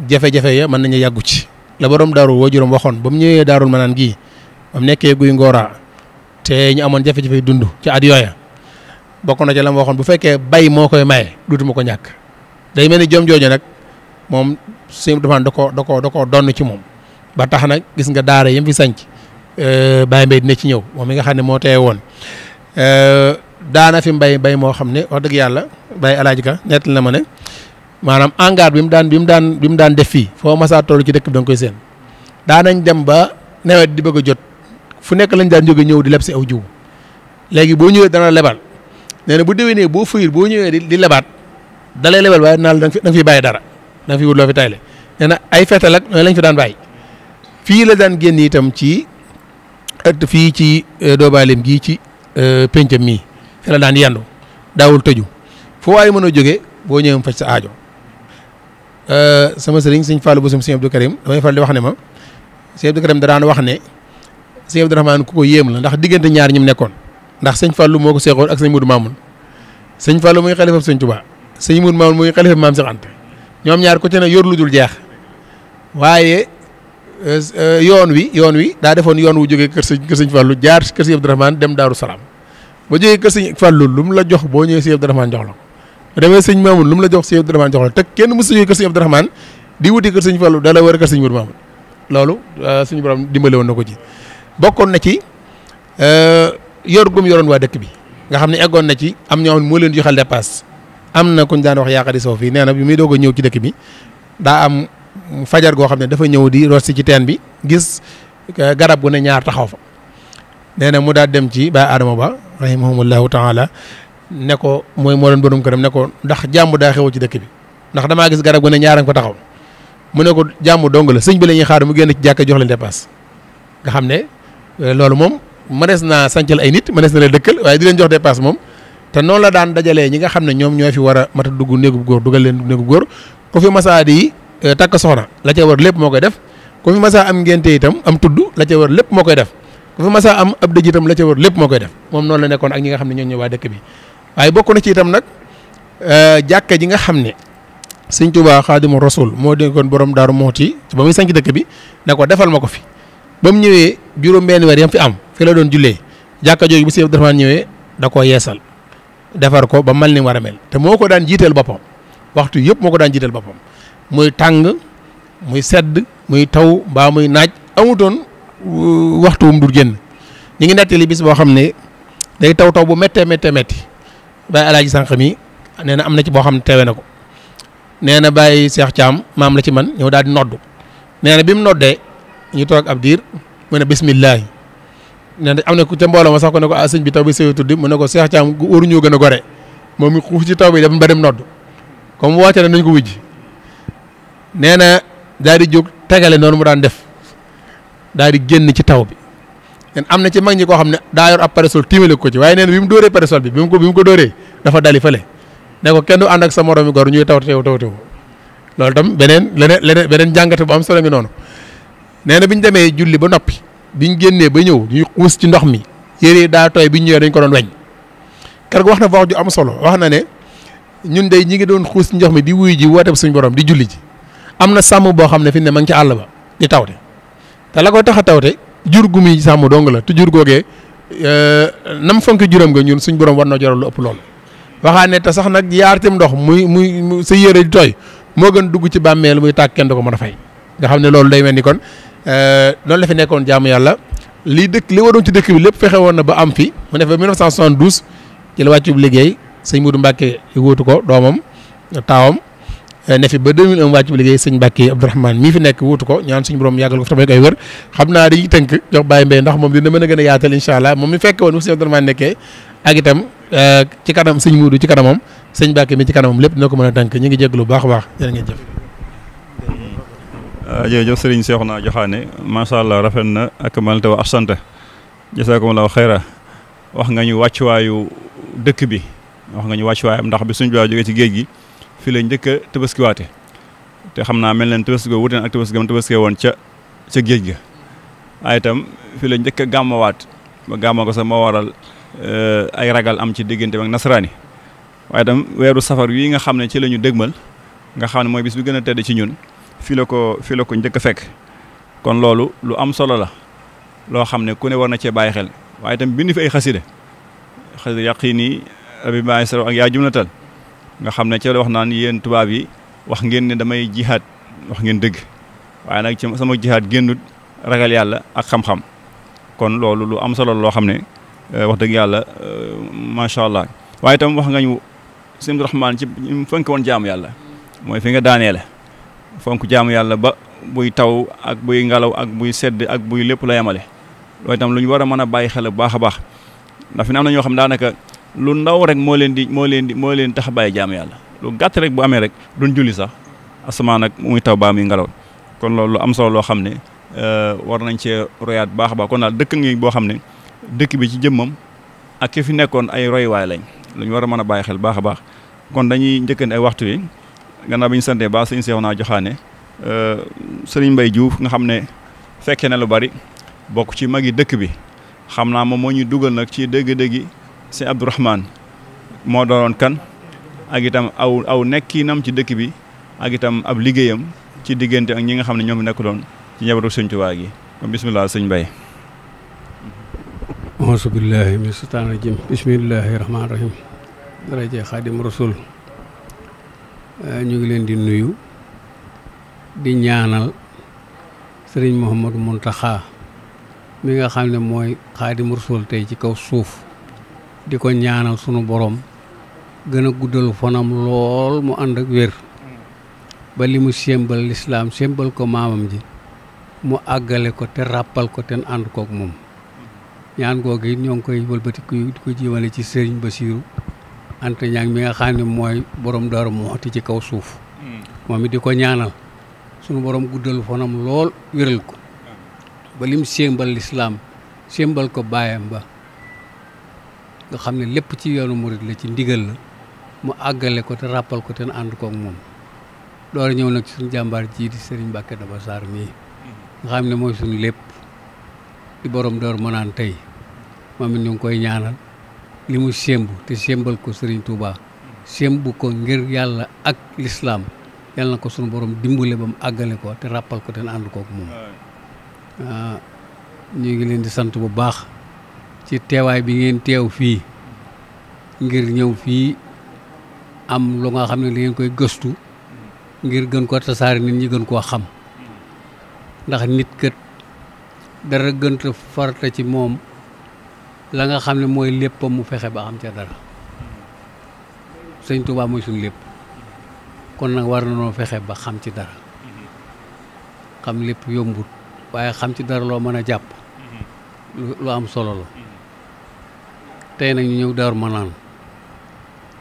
jafe-jafe ya mën nañu yàggu ci la borom daaru woo juróom waxoon ba mu ñëwee daarul manaan gii ba mu nekkee guy ngooraa te ñu amoon jafe-jafe dund ci at yooya bokk na ci la bu fekkee bay moo koy maye duutuma ko ñàkk day mel ni jom joojo nag moom suñu dafaan da koo da koo da donn ci moom ba tax nag gis nga daara yam fi sanc Euh, Baye Mbaye dina ci ñëw moom mi nga xam ne moo teye woon euh, daana fi mbay mbay moo xam ne wax dëgg yàlla Baye Alaaji Ka nettal na ma ne maanaam hangar bi mu daan bi mu daan bi mu daan def fii foo masaa toll ci dëkk bi da nga koy seen daanañ dem ba nawet di bëgg a jot fu nekk lañ daan jóge ñëw di leb si aw jiw léegi boo ñëwee dana lebal nee na bu déwénee boo fuyir boo ñëwee di di lebaat dalay lebal waaye naal da nga fi bàyyi dara da nga fi wut loo fi tayle nee na ay fetal ak lañ fi daan bàyyi ci ëtt fii ci euh, doobaaleem gii ci euh, pencam mii fi la daan yandu daawul tëju fu waaye mën boo ñëwam faj sa aajo euh, sama sëriñ sëñ Fallou Bosom sëñ Abdou Karim damay faral di wax ne ma sëñ Abdou Karim da daan wax ne sëñ Abdou Rahman ko yéem la ndax diggante ñaar ñi mu nekkoon ndax sëñ Fallou moo ko seexoon ak sëñ Moudou Mamoun sëñ Fallou muy xalifab sëñ Touba sëñ Moudou Mamoun muy xalifab maam Cheikh ñoom ñaar ko ci ne lu dul jeex waaye Euh, euh, yoon wi yoon wi daa defoon yoon wu jógee kër sëñ kër sëñ Fallou jaar kër sëñ Abdourahmane dem Daaru Salaam ba jógee kër sëñ Fallou lu mu la jox boo ñëwee sëñ Abdourahmane jox la ko ba demee sëñ Mamoun lu mu la jox sëñ Abdourahmane jox la te kenn mësu jógee kër sëñ Abdourahmane di wuti kër sëñ Fallou da la war a kër sëñ Mourou loolu euh, suñu borom dimbale woon na ko ci bokkoon na ci yor gum yoroon waa dëkk bi nga xam ne eggoon na ci am ñoo xam ne moo leen joxal dépasse am na kuñ daan wax yaakaar di soo fii nee na bi muy doog a ñëw ci dëkk bi fajar goo xam ne dafa ñëw di rossi ci teen bi gis euh, garab gu ne ñaar taxaw fa nee na mu daal dem ci ba Adama ba rahimahumullahu taala ne nekkoo mooy moo doon borom këram ne ko ndax jàmm daa xew ci dëkk bi ndax damaa gis garab gu ne ñaar a nga fa taxaw mu ne ko jàmm dong la sëñ bi la ñuy xaar mu génn ci jàkka jox leen dépasse nga xam ne euh, loolu moom mënees naa sancal ay nit mënees na la dëkkal waaye di leen jox dépasse moom te noonu la daan dajalee ñi nga xam ne ñoom ñoo fi war a mat dugg néegub góor dugal leen néegub góor ku Eh, takk soxna la ca war lépp moo koy def ku fi masaa am ngénte itam am tudd la ca war lépp moo koy def ku fi masaa am ab dëj la ca war lépp moo koy def moom la nekkoon ak ñi nga xam ne ñoo ñëw waa dëkk bokk na ci itam nag eh, jàkka ji nga xam ne sëñ Tuubaa Xaadimu Rasuul moo dénkoon borom Daaru Muxti ba muy sanc dëkk bi ne ko defal ma ko fi ba mu ñëwee juróom benn yam fi am fi la doon jullee jàkka jooju bu si ñëwee da koo yeesal defar ko ba mal ni war a mel te moo ko daan jiiteel boppam waxtu yëpp moo ko daan jiiteel boppam muy tàng muy sedd muy taw mbaa muy naaj amutoon euh, waxtu wum du génn ñu ngi nettali bis boo xam ne day taw taw bu méttee méttee metti bàyyi alaaji sànq mi nee na am na ci boo xam ne teewe na ko nee na bàyyi Seex Caam maam la ci man ñëw daal di noddu nee na bi mu noddee ñu toog ab diir mu ne bismillaahi nee na am na ku ca mbooloo ma sax ko ne ko ah sëñ bi taw bi sew tuddi mu ne ko Seex Caam waruñoo gën a gore moom mi xuus ci taw bi dem ba dem noddu comme woote nañ ko wujj nee na daal di jóg tegale noonu mu daan def daal di génn ci taw bi nen am na ci mag ñi koo xam ne daa yor ab parasol tiimale ko ci waaye nee bi mu dóoree parasol bi bi ko bi mu ko dóoree dafa dali fële ne ko kenn du ànd ak sa moromi gor ñuy taw teew taw teew loolu itam beneen leneen leneen beneen jàngate bu am solo mi noonu nee na bi demee julli ba noppi biñ génnee ba ñëw ñuy xuus ci ndox mi yére daa tooy bi ñu ñëwee dañ ko doon weñ keroog wax na fa wax ju am solo wax na ne ñun day ñi ngi doon xuus ndox mi di wuyu ji woote suñu borom di julli ji am na sàmm boo xam ne fi ne ma ngi ci àll ba di tawte te la ko tax a tawte jur gu muy sàmm dong la te jur googee euh, nam fonk juram nga ñun suñ borom war na jaral lu ëpp waxaa ne te sax nag yaar tam ndox muy muy sa yére di tooy moo gën dugg ci bàmmeel muy tàkk kenn ko mën a fay nga xam ne loolu day mel ni kon euh, loolu la nekkoon jaamu yàlla lii dëkk li waroon ci dëkk bi lépp fexe woon na ba am fi mu ne fa 1972 ci la wàccu liggéey sëñ Modou Mbacke wóotu ko doomam taawam. Eh, ne fi ba 2001 wàcc bi liggéey sëñ Mbàkke Abdourahmane mii fi nekk wuutu ko ñaan suñu borom yàggal ko fi tamay koy wër xam naa dañuy tënk jox Baye Mbaye ndax moom dina mën a gën a yaatal incha allah moom mi fekk woon bu sëñ Abdourahmane nekkee ak eh, ci kanam sëñ Muudu ci kanamam sëñ Mbàkke mi ci kanamam lépp dina ko mën a tënk ñu ngi jégalu baax a baax jërë ngeen jëf eh, jërëjëf sëriñ naa Joxaane macha allah rafet na ak malte wa ahsant jasakumullahu xayra wax nga ñu wàccuwaayu dëkk bi wax nga ñu wàccuwaayam ndax bi suñ baa jógee ci géej gi fii la njëkk a tëbaskiwaate te xam naa mel leen tëbaski wute ak tëbaski gam woon ca ca géej ga ay itam fii la njëkk a gàmmawaat ba gàmma ko sax moo waral eh, ay ragal am ci diggante ak nasaraani waaye tam weeru safar wi nga xam ne ci la ñu dégmal nga xam ne mooy bis bi gën a tedd ci ñun fii la ko fii la ko njëkk a fekk kon loolu lu am solo la loo xam ne ku ne war na cee bàyyi xel waaye itam bind fi ay xasida xasida yàqi nii rabi bàyyi saraw ak yaa jumlatal nga xam ne ci la wax naan yéen tubaab yi wax ngeen ne damay jihaad wax ngeen dëgg waaye nag ci sama jihaad génnut ragal yàlla ak xam-xam kon loolu lu am solo loo xam ne euh, wax dëgg yàlla euh, macha allah waaye itam wax nga ñu sëñ Rahmaan ci fonk woon jaam yàlla mooy fi nga daanee la fonk jaamu yàlla ba buy taw ak buy ngelaw ak buy sedd ak buy lépp la yamale loolu itam lu ñu war a mën a bàyyi xel bu baax a baax ndax fi ne am na ñoo xam daanaka. lu ndaw rek moo leen di moo leen di moo leen tax a bàyyi jaamu yàlla lu gàtt rek bu amee rek duñ julli sax asamaan ak muy taw baa muy ngelaw kon loolu am solo loo xam ne euh, war nañ cee royaat baax a baax kon dëkk ngi boo xam ne dëkk bi ci jëmmam ak ki fi nekkoon ay roywaay lañ lu war a mën a bàyyi xel baax a baax kon dañuy njëkkante waxtu yi gannaaw bi ñu santee baax sëñ Seex naa joxaane euh, sëriñ Mbay Juuf nga xam ne fekkee na lu bari bokk ci mag yi dëkk bi xam naa moom moo ñuy dugal nag ci dëgg-dëgg sëñ Abdourahman moo doonoon kan ak itam aw aw nekkinam ci dëkk bi ak itam ab liggéeyam ci diggante ak ñi nga xam ne ñoom nekk doon ci njabootu sëñ Tuubaa gi kon bisimilah sëñ Mbaye auzu billaahi min seytaani rajiim bismillaahi rahmaani xaadim rasul ñu ngi leen di nuyu di ñaanal sëriñ Mouhamadou Mountakha mi nga xam ne mooy xaadim rasul tey ci kaw suuf di ko ñaanal sunu borom gën a guddal fanam lool mu ànd ak wér hmm. ba li mu sémbal lislaam sémbal ko maamam ji mu àggale ko te ràppal ko te ànd kook moom hmm. ñaan googu ñoo ngi koy wëlbatiku di ko jiwale ci sëriñ Basiiru Anta Ñaŋ mi nga xam ne mooy borom Daaru Muxti ci kaw suuf hmm. moom it di ko ñaanal sunu borom guddal fanam lool wéral ko ba lim sémbal lislaam sémbal ko baayam ba nga xam ne lépp ci yoonu murit la ci ndigal la mu àggale ko te ràppal ko te na ànd kook moom door ñëw nag ci suñu jàmbaar jii di Serigne Mbacke Daba Sarr mii nga xam ne mooy suñu lépp di borom door mënaan tey moom it ñu ngi koy ñaanal li mu sémb te sembal ko sëriñ Touba sémb ko ngir yàlla ak lislaam yàlla na ko suñu borom dimbale ba mu àggale ko te ràppal ko te na ànd kook moom ah, ñu ngi leen sant bu baax ci teewaay bi ngeen teew fii ngir ñëw fii am lu nga xam ne dangeen koy gëstu ngir gën ko tasaare nit ñi gën koo xam ndax nit kët dara gënta farata ci moom la nga xam ne mooy léppam mu fexe ba xam ca dara sëñ Tuubaa mooy suñu lépp kon nag war na noo fexe ba xam ci dara xam lépp yombut waaye xam ci dara loo mën a jàpp lu am solo tey nag ñu ñëw daaru manaan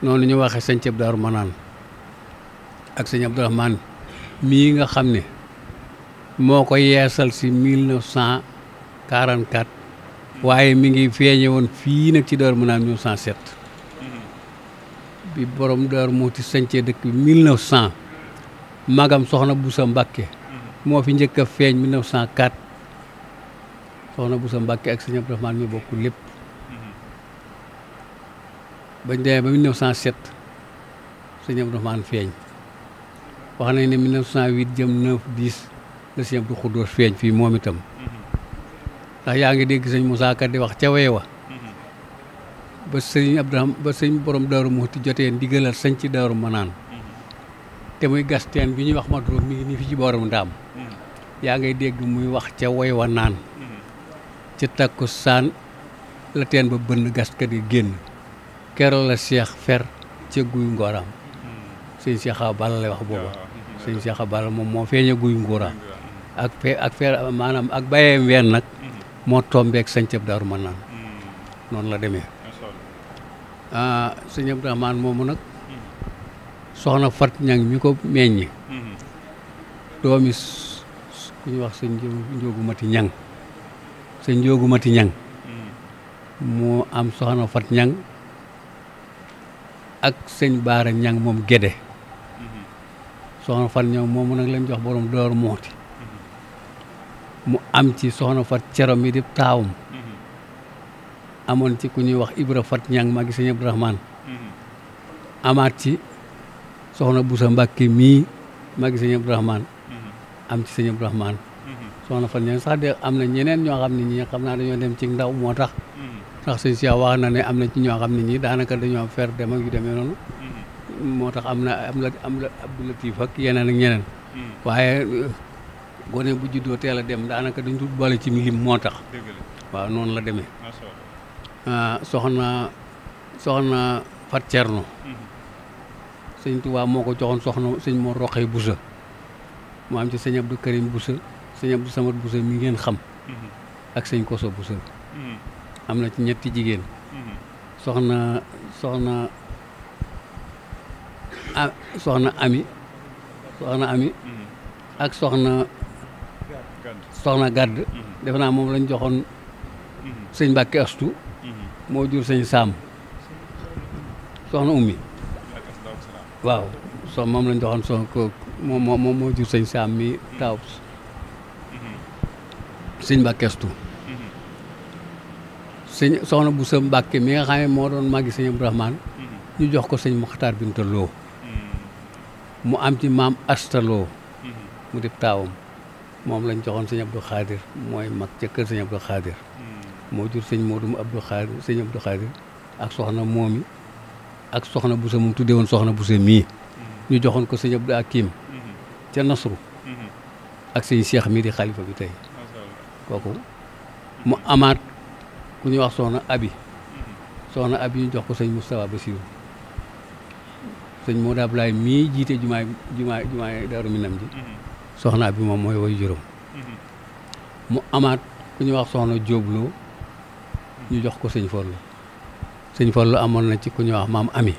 noonu ñu waxee sëñ ceeb daaru manaan ak sëñ abdourahman mii nga xam ne moo ko yeesal si 1944 waaye mi ngi feeñe woon fii nag ci daaru manaan 1907 bi borom daaru muuti sëñcee dëkk bi 1900 magam soxna bu busa mbàkke moo fi njëkk a feeñ 1904 soxna busa mbàkke ak sëñ abdourahman mi bokk lépp bañ demee ba 1907 sëñ Abdou Rahmane feeñ wax nañ ne 1908 jëm 9 10 la sëñ Abdou Khoudous feeñ fii moom itam ndax yaa ngi dégg sëñ Moussa di wax ca wee wa ba sëñ Abdou Rahmane ba sëñ borom Daaru Muxti jotee ndigalal sañ ci Daaru Manaan te muy gas teen bi ñuy wax Maduro mi ngi nii fi ci booram Ndaam yaa ngay dégg muy wax ca woy wa naan ci takku saan la teen ba bënn gaskat yi génn keroog la Cheikh Fer ca guy Ngoraan sëñ Cheikh Abala wax booba sëñ Cheikh Abala moom moo feeña guy Ngoraan ak fe ak fer maanaam ak bàyyeem ween nag moo tombeek sañcëb Daaru Manaan noonu la demee ah, sëñ Abdourahmane moomu nag soxna Fat Ñang mi ko meññ doomi ku wax sëñ Njóogu Mati Ñang sëñ Njóogu Mati Ñang mu hmm. am soxna Fat Ñang ak sëñ Baara Ñang moom Gédé mm-hmm. soxna Fat ñoom moomu nag lañ jox borom Daaru Muxti mm-hmm. mu am ci soxna Fat Cero mi di taawum mm-hmm. amoon ci ku ñuy wax Ibra Fat Ñang maa ngi ci soxna Busa Mbàkke mii maa ngi sëñ am ci sëñ Abdourahmane soxna Fat ñang sax de am na ñeneen ñoo xam ne ñi xam naa dañoo dem ci ndaw moo tax ndax sëñ Cheikh wax na ne am na ci ñoo xam ne ñii daanaka dañoo fer dem ak yu demee noonu. Mm-hmm. moo tax am na am la am la Abdou Latif ak yeneen ak ñeneen. Mm-hmm. waaye uh, gone bu juddoo teel a dem daanaka dañ dul boole ci lim moo tax. waaw noonu la demee. Ah, soxna soxna Fat Cerno. Mm-hmm. sëñ Tuubaa moo ko joxoon soxna sëñ moo roqee Busa. mu am ci sëñ Abdou Karim Busa sëñ Abdou Samad Busa mi ngeen xam. ak sëñ Koso Busa. am na ci ñetti jigéen mhm. soxna soxna a soxna ami soxna ami mhm. ak soxna soxna gàdd mhm. defe naa moom lañ joxoon sëñ Mbàkke astu moo jur sëñ saam soxna ummi waaw so moom lañ joxoon soxna moom moo jur sëñ saam mi taaw sëñ Mbàkke astu sëñ soxna Boussa Mbacke mi nga xam ne moo doon màggi sëñ Abdourahmane mhm. ñu jox ko sëñ Mokhtar Binta Lo mhm. mu am ci maam Asta mhm. mu def taawam moom lañ joxoon sëñ mooy mag ca kër moo sëñ Modou Abdou Khadir sëñ Abdou Khadir soxna moomi ak soxna Boussa mu tuddee woon soxna Boussa mii ñu joxoon ko sëñ Abdou Akim ca Nasru ak sëñ Cheikh mii di xalifa bi tey kooku mu amaat ku ñuy wax soxna abi soxna abi ñu jox ko sëñ Moustapha Bassirou sëñ Modou Ablaye mii jiite jumaay jumaay jumaay Daaru Minam ji soxna abi moom mooy way juróom mu amaat ku ñuy wax soxna jóobloo ñu jox ko sëñ Fallou sëñ Fallou amoon na ci ku ñuy wax maam ami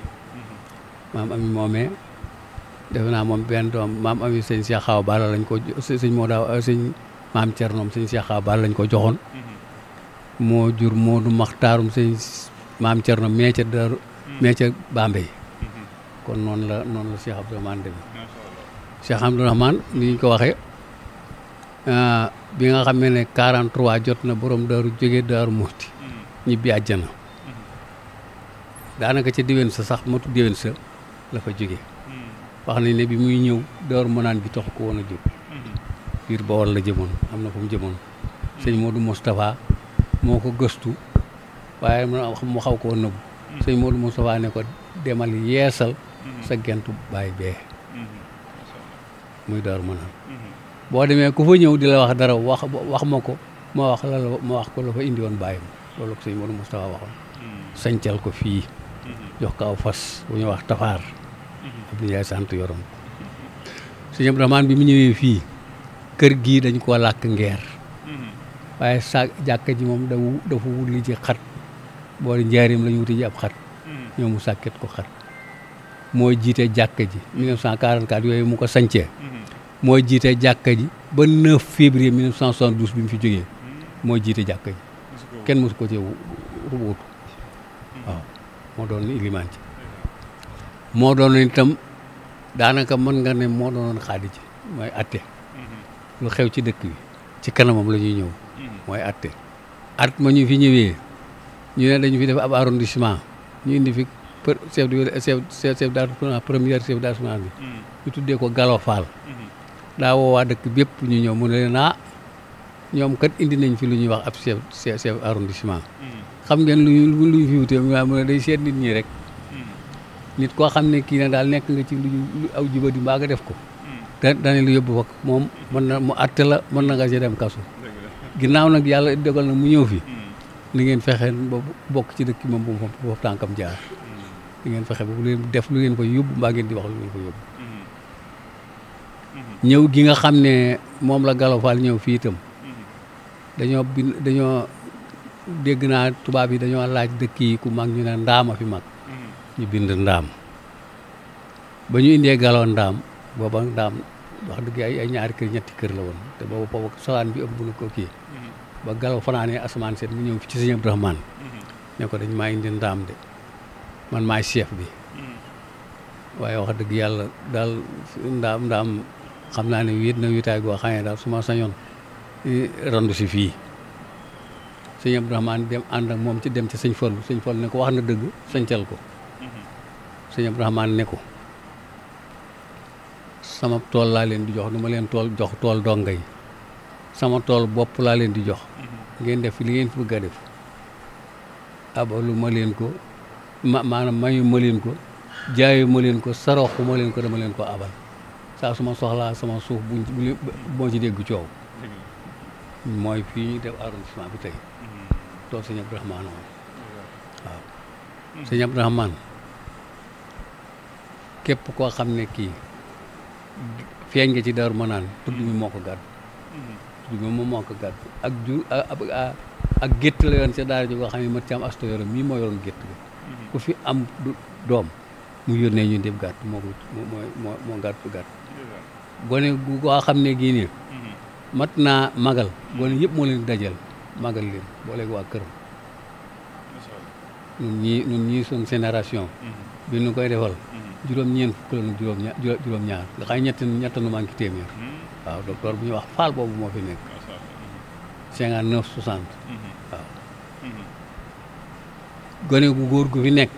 maam ami moomee defe naa moom benn toom maam ami sëñ Cheikh Awa Balla lañ ko sëñ moo daaw sëñ maam Thierno moom sëñ Cheikh Awa Balla lañ ko joxoon moo jur Moodu Maxtaarum sëñ maam Cerno mee ca Daaru mm. mee ca Bambey mm-hmm. kon noonu la noonu la Cheikh Abdourahmane demee Cheikh Abdourahmane ni ñu ko waxee ah, bi nga xam ne ne 43 jot na boroom daaru jóge daaru Muxti mm. ñibbi àjjana mm-hmm. daanaka ca déwén sa sax matu déwén sa la fa jóge mm. wax nañ ne bi muy ñëw daaru mënaan bi tax ko woon a jóg mm-hmm. biir Bawol la jëmoon am na fu mu jëmoon sëñ Modou Moustapha moo ko gëstu waaye mu xaw ko nëbbu mm-hmm. sëñ Modou Moustapha ne ko demal yeesal mm-hmm. sa gentu baay bee mm-hmm. muy door mën a boo demee ku fa ñëw di la wax dara wax wax ma ko ma wax la ma wax ko la fa indi woon bàyyi ma loolu ko sëñ Modou Moustapha waxoon sañcal ko fii jox ko aw fas bu ñu wax tafaar Abdou Ndiaye sant yorom ko sëñ Abdourahmane bi mu ñëwee fii kër gii dañ koo làkk ngeer waaye sa jàkka ji moom da dafa wulli ji xat boori njaarim la ñu wuti ji ab xat hmm. ñoo mu sàkket ko xat moo jiite jàkka ji 1944 hmm. yooyu mu ko sancee hmm. moo jiite jàkka ji ba 9 février 1972 bi mu fi jógee moo jiite jàkka ji kenn mosu ko ci wut waaw moo doon ilimaan ci moo doon itam daanaka mën nga ne moo doonoon xaadi ji mooy atte lu xew ci dëkk bi ci kanamam la ñuy ñëw mooy atte at ma ñu fi ñëwee ñu ne dañu fi def ab arrondissement ñu indi fi chef de chef chef d'arrondissement première chef d'arrondissement bi hmm. ñu tuddee ko Gallo Fall hmm. daa woowaa dëkk bépp ñu ñëw mu ne leen ah ñoom kat indi nañ fi lu ñuy wax ab chef chef arrondissement hmm. xam ngeen lu ñu lu ñu fi wutee mu ne day seet nit ñi rek nit koo xam ne kii na daal nekk nga ci lu aw jubadi mbaa nga def ko da dane lu yóbbu fak moom mën na mu atte la mën na nga see dem kasu ginnaaw nag yàlla dogal na mu ñëw fi li hmm. ngeen fexe ba bokk ci dëkk moom bu foofu tànkam jaar li hmm. ngeen fexe ba lu ngeen def lu ngeen fa yóbbu mbaa ngeen di wax lu ngeen hmm. nga xam ne moom la Gallo Fall ñëw fii itam dañoo bind dañoo dégg naa tubaab yi dañoo laaj dëkk ku mag ñu ne ndaama fi mag ñu bind ndaam ba ñu indee Gallo ndaam booba ndaam wax dëgg ay ay ñaari kër ñetti kër la woon te boobu boobu sawaan bi ëmb na ko kii mhm. ba galaw fanaanee asamaan seet mu ñëw fi ci sëñ Abdou Rahmane mhm. ne ko dañ maa indi ndaam de man maay chef bi mhm. waaye wax dëgg yàlla daal ndaam ndaam xam naa ne wéet na wéetaay goo xam ne daal su sañoon randu si fii sëñ Abdou dem ànd ak moom ci dem si sëñ Fallu sëñ Fallu ne ko wax na dëgg sañcal ko sëñ Abdou Rahmane ne ko sama tool laa leen di jox du ma leen tool jox tool donga yi sama tool bopp laa leen di jox ngeen def fi li ngeen fi bëgg a def abalu ma leen ko ma maanaam mayu ma leen ko jaayu ma leen ko saroxu ma leen ko dama leen ko abal saa su ma soxlaa sama suuf bu moo ci dégg coow mooy fii ñu def arrondissement bi tey tool sëñ Abdourahmane moom waaw sëñ Abdourahmane képp koo xam ne kii feeñ nga ci Daaru Manaan tudd mi moo ko gàdd tudd mi moom moo ko gàdd ak ju ak gétt la yoon ca daara ji nga xam ne mat ci am asto yoroon mii moo yoroon gétt ga ku fi am doom mu yónnee ñu dem gàtt moo ko moo moo gàtt gàtt gone gu koo xam ne gii nii mat naa magal gone yëpp moo leen dajal magal leen booleeg waa këram ñun ñii ñun ñii suñ génération bi mm-hmm. ñu koy defal mm-hmm. juróom-ñeent fukk la ak juróom-ñaar nga xam ne ñett ñett nu manqué téeméer mhm. waaw docteur bu ñuy wax faal boobu moo fi nekk. 59 60 mhm. waaw. Mhm. gone gu góor gu fi nekk.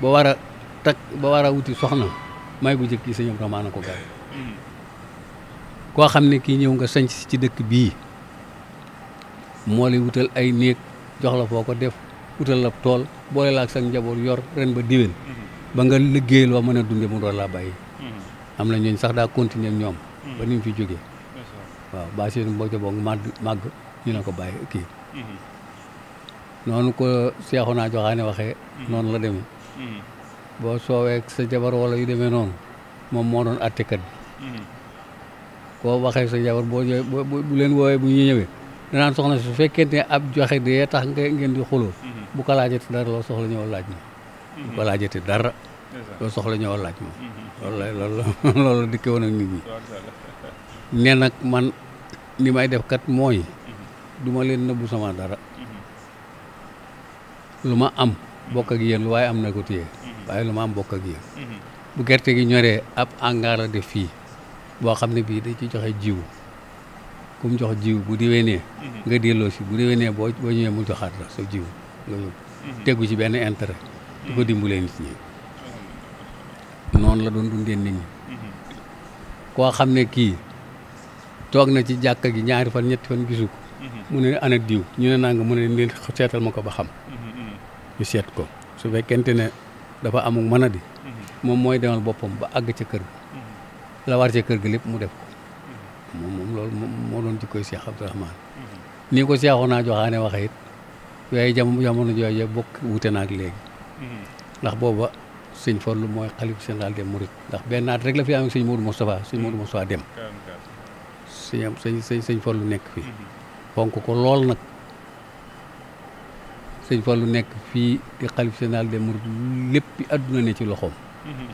ba war a takk ba war a wuti soxna may bu njëkk yi sëñ Ibrahima ko gaaw. koo xam ne kii ñëw nga sanc ci dëkk bii moo wutal ay néeg jox la foo ko def wutal la tool boole la ak sa njaboot yor ren ba diwén. ba nga liggéey loo mën a dunde mu door laa bàyyi mm-hmm. am na ñooñ sax daa continuer ñoom mm-hmm. ba ni mu fi jógee waaw baa seen mbocco boog màgg màgg ñu ne ko bay kii mm-hmm. noonu ko Seexuna Joxaane waxee noonu la demee boo soowee sa jabar wala yu demee noonu moom moo noonu àttekat bi koo waxee sa jabar boo bu leen woowee bu ñuy ñëwee danaan soxna su fekkente ab joxe dee tax nga ngeen di xuloo bu ko laajee dara loo soxla ñëw laaj na bu mhm. ko dara. loolu soxla ñoo laaj moom. Mhm. loolu nag man li may def kat mooy. Mhm. du leen nëbbu sama dara. lu ma am bokk ak yéen lu waaye am na ko téye waaye lu ma am bokk ak bu gerte gi ñoree ab hangar la def fii boo xam ne bii dañ ci joxe jiw ku jox jiw bu déwénee. nga delloo si bu déwénee boo boo ñëwee mu joxaat la sa jiw nga ci benn intérêt. di ko dimbalee nit ñi noonu la doon dundee nit ñi koo xam ne kii toog na ci jàkka gi ñaari fan ñetti fan gisu ko mu ne ana diw ñu ne nanga mu ne nit seetal ma ko ba xam ñu seet ko su fekkente ne dafa amul mën a di moom mooy demal boppam ba àgg ca kër ga la war ca kër ga lépp mu def ko moom moom loolu moo doon ci koy Cheikh Abdourahmane nii ko naa Joxaane waxee it yooyu jamono jooju bokk wute naak léegi ndax booba sëñ Fallu mooy xalif général des Mourides ndax benn naat rek la fi am sëñ Mourou Moustapha sëñ Mourou Moustapha dem mm-hmm. sëñ am sëñ sëñ sëñ Fallu nekk fii mm-hmm. fonk ko lool nag sëñ Fallu nekk fii di xalif général des Mourides lépp àdduna ne ci loxoom mm-hmm.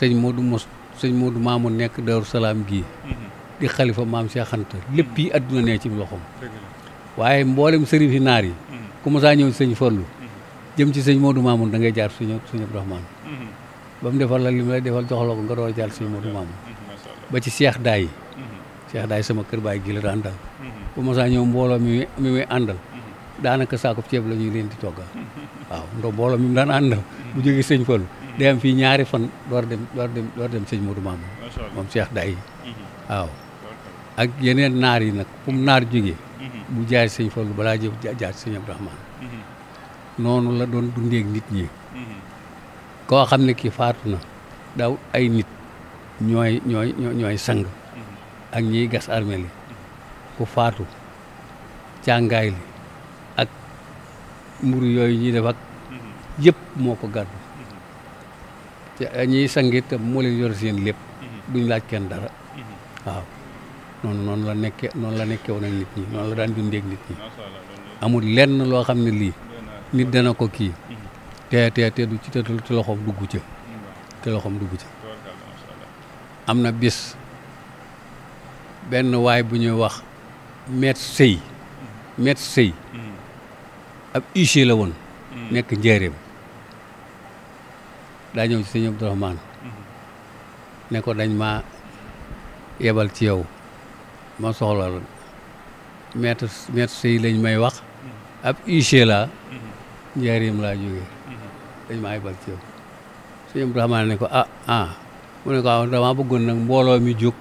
sëñ Modou Mos sëñ Modou Mamoun nekk Daaru Salaam gii di xalifa maam Cheikh Anta lépp yi àdduna ne ci waaye mboolem sëriñ fi naar yi ku ñëw sëñ Fallu jëm ci sëñ Modou Mamoun da ngay jaar suñu suñu Abdourahmane mhm. ba mu defal la li mu lay defal jox ko nga door a jaar suñu Modou Mamoun mhm, ba ci Cheikh Daay mhm. Cheikh Daay sama kër baay gi daan daal bu ma ñëw mbooloo mi mi muy daanaka saako ceeb la ñuy di togga waaw ndox mbooloo mi mu daan àndal bu jógee sëñ Fallu day fii ñaari fan door dem door dem door dem sëñ Modou Mamoun moom Cheikh Daay waaw yeneen naar yi nag fu mu naar jógee bu jaay balaa jëf jaar sëñ Abdourahmane noonu la doon dundeek nit ñi mm-hmm. koo xam ne kii faatu na daaw ay nit ñooy ñooy ñooy sang mm-hmm. ak ñiy gas armeel yi ku faatu càngaay li ak mburu yooyu ñii def mm-hmm. yépp moo ko gàddu te ñiy sang itam moo leen yor seen lépp duñ laaj kenn dara waaw noonu la nekke noonu la nekke woon ak nit ñi noonu la daan dundeek nit ñi amul lenn loo xam ne lii nit dana ko kii mhm. te te te du ci te te loxoom dugg ca te loxoom dugg am na bis benn waay bu ñuy wax maître sëy mhm. maître sëy mhm. ab huissier la woon nekk njaareem daa ñëw ci sëñ Abdourahmane ne ko dañ ma yebal ci yow ma soxla la sëy lañ may wax ab huissier la njaareem laa jógee mhm. dañ ko ah, ah. Ah, bëggoon nag mbooloo mi jóg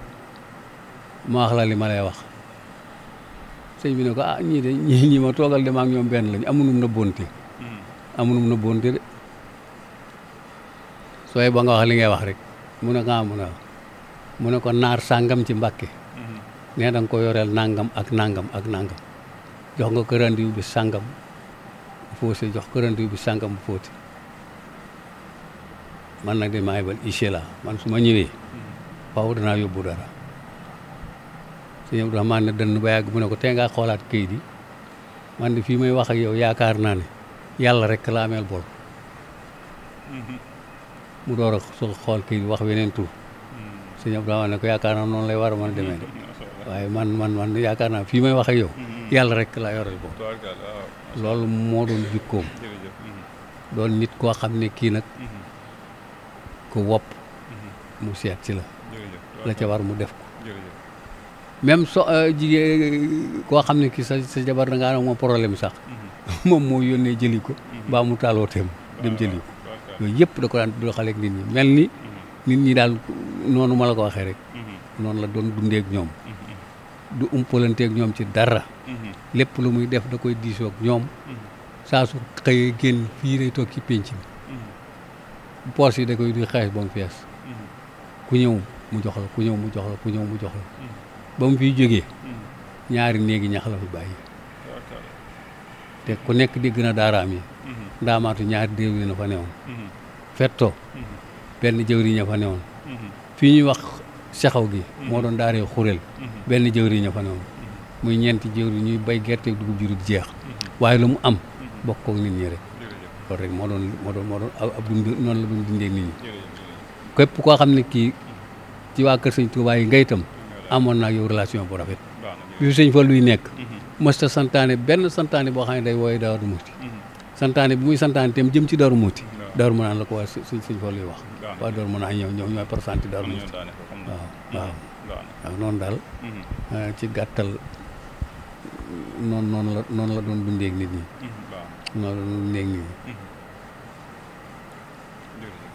ma la li ma wax sëñ bi ne ñii de toogal de ak ñoom benn lañ amunum na bonte mhm. amunum na bonte sooy ba nga wax li ngay wax rek mun ne ko mu ne ko naar sàngam ci mbàkke mhm. nee da nga ko yoreel nangam ak nangam ak nangam jox nga ko bi sàngam poosé jox kërantu bi sàngam bu fóoti man nag de maay ban iche man su ma ñëwee faaw danaa yóbbu dara sëñ Abdourahmane na dënn ba ko tey ngaa xoolaat kayit yi man fii may wax ak yow yaakaar naa ne yàlla rek la ameel bor mu door a soog xool kayit wax weneen tur sëñ Abdourahmane ko yaakaar naa noonu lay war a mën a de waaye man man man yaakaar naa may wax yow mm-hmm. yàlla rek la yoreel loolu moo doon jikkoom mhm. doon nit koo xam ne kii nag mhm. ku wopp mhm. mu seet si la la ca war mu def ko même so euh, jigéen euh, koo xam ne kii sa sa jabar da ngaa am moom problème sax moom moo yónnee jëli ko baa mu taaloo teem dem jëli ko yooyu yëpp da ko daan doxaleeg nit ñi mel ni nit ñi daal noonu ma la ko waxee rek noonu la doon dundeek ñoom du umpalanteeg ñoom ci dara lépp lu muy def da koy diisoog ñoom saa su xëyee génn fii lay toog ci pénc mi poos yi da koy duy xaalis ba mu fees ku ñëw mu jox la ku ñëw mu jox la ku ñëw mu jox la ba mu fiy jógee ñaari néegi ñax la fi bàyyi te ku nekk di gën a daaraam yi ndaamaatu ñaari déew yi na fa newoon fetto benn jëwriñ ña fa fii ñuy wax sexew gi moo doon daaree xureel benn jëwriñ ña fa newoon muy ñeenti jiw ñuy bay gerte dugub ji du jeex waaye lu mu am bokk koog nit ñi rek moo doon moo doon moo doon ab noonu la doon dundee nit ñi képp koo xam ne kii ci waa kër sëñ Tuubaa waaye ngay tam amoon naa yow relation bu rafet bi sëñ fa luy nekk mësta mhm. santaane benn santaane boo xam ne day wooye Daaru Muxti mhm. santaane bi muy santaane itam jëm ci Daaru Muxti Daaru Manaan la ko waa sëñ sëñ fa wax waa Daaru Manaan ñëw ñëw ñooy présenté Daaru Muxti waaw mhm. waaw waaw noonu daal ah, ci gàttal noonu noonu la noonu la doon dundee ak nit ñi. Mhm, noonu la doon dundee nit ñi.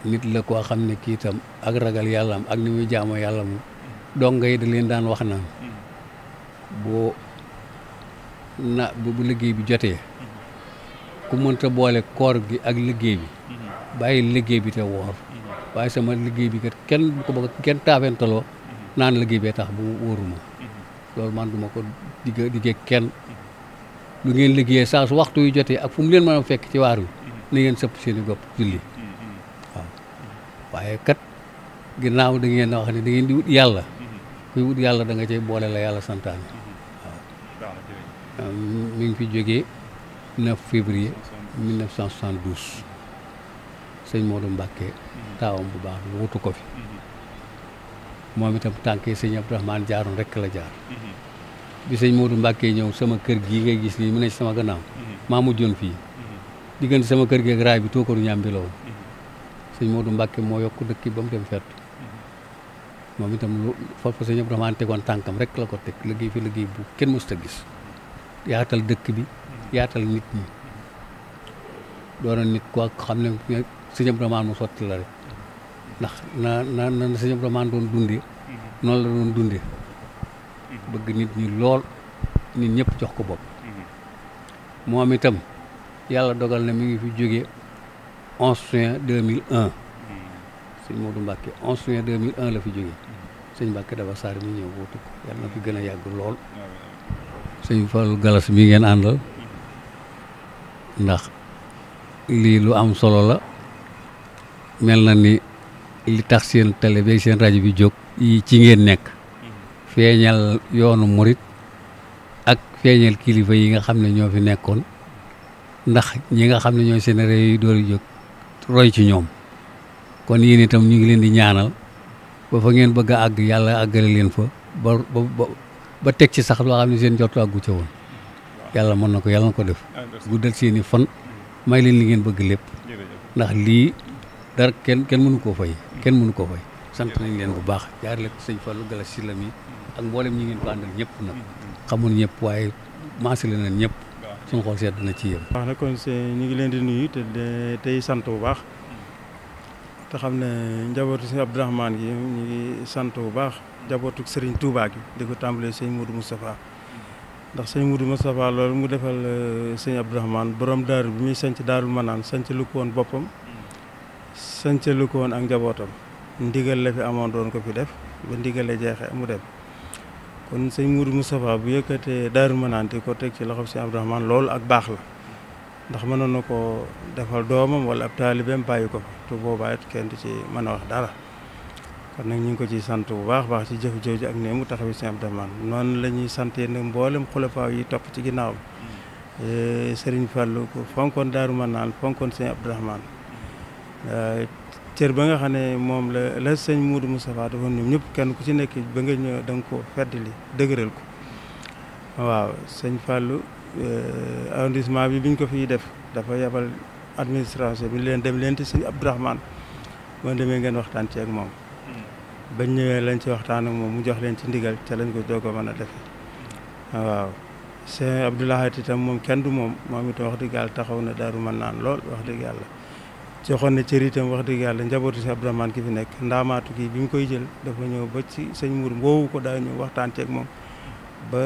Mhm. nit la koo xam ne kii itam ak ragal yàlla am ak ni muy jaamoo yàlla mu mhm. dong yi da leen daan wax na boo na bu liggéey bi jotee ku mënta boole koor gi ak liggéey bi bàyyi liggéey bi te woor waaye sama liggéey bi kat kenn bu ko bëgg kenn taabentaloo naan liggéey bee tax bu wóoruma loolu man duma ko digg diggee kenn lu ngeen liggéey saa su waxtu yu jotee ak fu mu leen mën a fekk ci waar wi mm-hmm. na ngeen sëpp seen i gopp julli mm-hmm. waaw waaye kat ginnaaw da ngeen wax ne da ngeen di wut yàlla mm-hmm. kuy wut yàlla da nga cay boole la yàlla santaane waaw mi ngi fi jógee 9 février 1972 sëñ Modou Mbacke taawam bu baax wutu ko fi moom itam tànkee sëñ Abdourahmane jaaroon rekk la jaar bi sëñ Modou Mbacke ñëw sama kër gii ngay gis nii mu ne sama gannaaw mhm. maa mujjoon fii mhm. diggante sama kër gi ak raay bi tookaru ñaambi la woon mhm. sëñ Modou Mbacke moo yokk dëkk ba mu dem fett moom itam lu foofu sëñ Abdourahmane tegoon tànkam rek la ko teg liggéey fi liggéey bu kenn mosut a gis yaatal dëkk bi yaatal nit ñi doonoon nit ku ak xam ne sëñ Abdourahmane mu sotti la rek ndax na na na sëñ Abdourahmane doon dundee noonu la doon dundee bëgg nit ñi lool nit ñëpp jox ko bopp moom itam yàlla dogal na mi ngi fi jóge onze juin deux mille un sëñ Modou un la fi jóge sëñ Mbacke dafa saar mi ñëw wuutu ko yàlla fi gën a yàgg lool sëñ Fallou Galas mi ngeen àndal ndax lii lu am solo la mel na ni li tax seen télé bi seen rajo bi jóg yi ci ngeen nekk feeñal yoonu murit ak feeñal kilifa yi nga xam ne ñoo fi nekkoon ndax ñi nga xam ne ñooy seen réew yi jóg roy ci ñoom kon yéen itam ñu ngi leen di ñaanal ba fa ngeen bëgg a àgg yàlla àggale leen fa ba teg ci sax loo xam ne seen jotu àggu ca woon yàlla mën na ko yàlla na ko def guddal seen i fan may leen li ngeen bëgg lépp ndax lii dara kenn kenn mënu koo fay kenn mënu koo fay sant nañ leen bu baax jaarale ko sëñ Fallou Galass Sylla mi ak mboolem ñi ngeen ko àndal ñëpp nag mm-hmm. xamul ñëpp waaye maasale na ñëpp suñu xool sedd na ci yéen. wax na kon se ñu ngi leen di nuyu te tey sant bu baax mm-hmm. te xam ne njabootu sëñ Abdourahmane gi ñu ngi sant bu baax njabootu Serigne Touba gi di ko tàmbalee sëñ Moudou Moustapha mm-hmm. ndax sëñ Moudou Moustapha loolu mu defal euh, sëñ Abdourahmane borom daaru bi muy sanc daaru manaan sanc lu ko boppam sanc lu ak njabootam ndigal la fi amoon doon ko fi def ba ndigal la jeexee mu dem kon sëñ Mourou Moustapha bu yëkkatee Daaru Manaan ko teg ci loxob sëñ Abdourahmane loolu ak baax la ndax mënoon na ko defar doomam wala ab taalibeem bàyyi ko te boobaa it kenn du ci mën a wax dara kon nag ñu ngi ko ciy sant bu baax baax ci jëf jooju ak nee mu taxawi sëñ Abdourahmane noonu la ñuy sant nag mboolem xulafaa yi topp ci ginnaawam mm. eh, Serigne Fallou ko fonkoon Daaru Manaan fonkoon sëñ Abdourahmane eh, cër ba nga xam ne moom la la sëñ Moudou Moustapha dafa ñoom ñëpp kenn ku ci nekk ba nga ñëw da nga ko feddali dëgëral ko waaw sëñ Fallou euh, arrondissement bi biñ ko fiy def dafa yabal administration bi leen dem leen ci sëñ Abdourahmane moo demee ngeen waxtaan ci moom hmm. bañ ñëwee lañ ci waxtaan ak moom mu jox leen ci ndigal ca lañ ko doog ko mën a defe waaw sëñ Abdoulahat itam moom kenn du moom moom itam wax dëgg yàlla taxaw na daaru mën naan lool wax dëgg yàlla ci waxoon ne cër itam wax dëgg yàlla njabootu si Abdourahmane ki fi nekk ndaamaatu gi bi mu koy jël dafa ñëw ba ci sëñ Mour mboowu daa ñëw waxtaan ceeg moom ba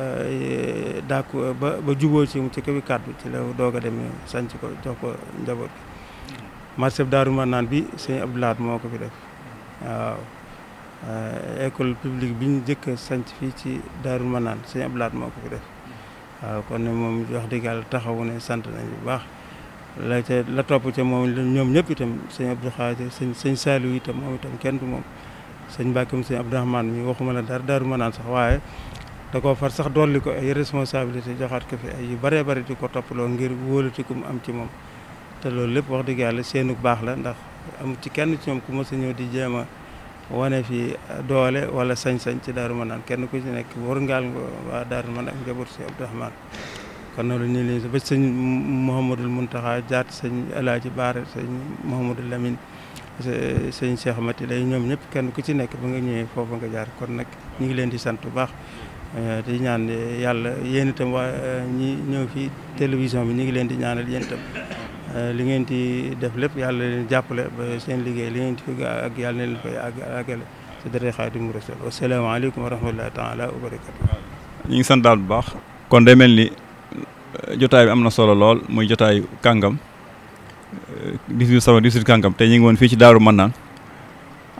eh, daak ba ba juboo ci mu ci ci la doog a demee sanc ko jox ko njaboot gi marché Manaan bi sëñ Abdoulaat moo ko fi def waaw eh, école publique bi ñu njëkk a sanc fii ci Daaru Manaan sëñ Abdoulaat moo ko fi def waaw kon ne moom wax dëgg yàlla taxawu ne sant nañ bu baax la ca la topp ca moom ñoom ñëpp itam sëñ Abdou Khadir sëñ sëñ Saliou itam moom itam kenn du moom sëñ Mbàkke sëñ Abdourahmane mi waxuma la dara daaru ma naan sax waaye da koo far sax dolli ko ay responsabilité joxaat ko fi ay bare bëree bëri di ko toppaloo ngir wóolatiku mu am ci moom te loolu lépp wax dëgg yàlla seenu baax la ndax am ci kenn ci ñoom ku mës a di jéem a wane fi doole wala sañ-sañ ci daaru ma naan kenn ku ci nekk wërngaal nga waa daaru ma ak njaboot si Abdourahmane Kanoor nii lañ ba sëñ Mouhamadul Mountakha jaar sëñ El Hadj Baare sëñ Mouhamadul Lamine euh, sëñ Cheikh Mati lay ñoom ñëpp kenn ku ci nekk ba nga ñëwee foofu nga jaar kon nag ñu ngi leen di sant bu baax. Euh, di ñaan yàlla yéen itam waa euh, ñi ñëw fii télévision bi ñu ngi leen di ñaanal yéen itam li ngeen di def lépp yàlla leen jàppale ba seen liggéey li ngeen di fi ak yàlla na leen fay àggale si dara Xaadimu Rasuul. Wasalaamaaleykum wa rahmatullahi taala wa barakatu. ñu ngi sant daal bu baax. kon day mel ni Euh, jotaay bi am na solo lool muy jotaayu kàngam 18 euh, sama 18 kàngam te ñu ngi woon fii ci Daaru Mannaan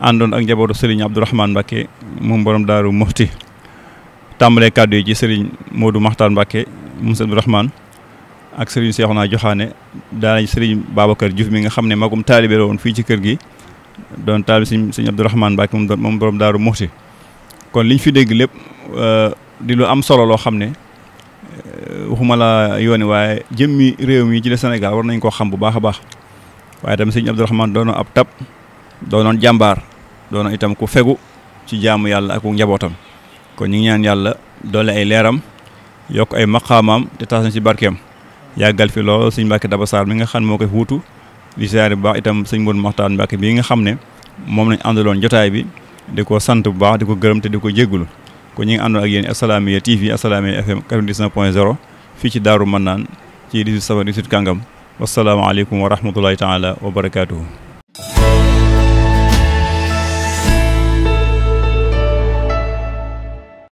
àndoon ak njabootu sëriñ Abdourahmane Mbacke moom borom Daaru Muxti tàmbalee kàddu yi ci Serigne Modou Makhtar Mbacke moom Serigne Abdourahmane ak Serigne Cheikhouna Joxaane daanañ Serigne Babacar Diouf mi nga xam ne magum taalibe la woon fii ci kër gi doon taalibe Serigne Serigne Abdourahmane Mbacke moom moom Daaru Muxti kon liñ fi dégg lépp euh, di lu am solo loo xam ne. Eh, waxuma la yoon waaye jëmmi réew mi ci la Sénégal war nañ koo xam bu baax a baax waaye tamit sëñ Abdourahmane doonoon ab tab doonoon jàmbaar doonoon itam ku fegu ci jaamu yàlla ak njabootam kon ñu ñaan yàlla doole ay leeram yokk ay maqaamaam te taas na ci barkeem yàggal fi lool sëñ Daba Sarr mi nga xam moo koy wuutu di siyaare bu baax itam sëñ Modou Maxtaan Mbàkke bii nga xam ne moom lañ àndaloon jotaay bi di ko sant bu baax di ko gërëm te di ko jéggulu kon ñi nga àndoon ak yéen Assalaamy TV Assalaamy FM 99 point 0 fii ci Daaru Mannaan ci 18 safar 18 kàngam wasalaamualeykum wa rahmatullahi taala wa barakaatuhu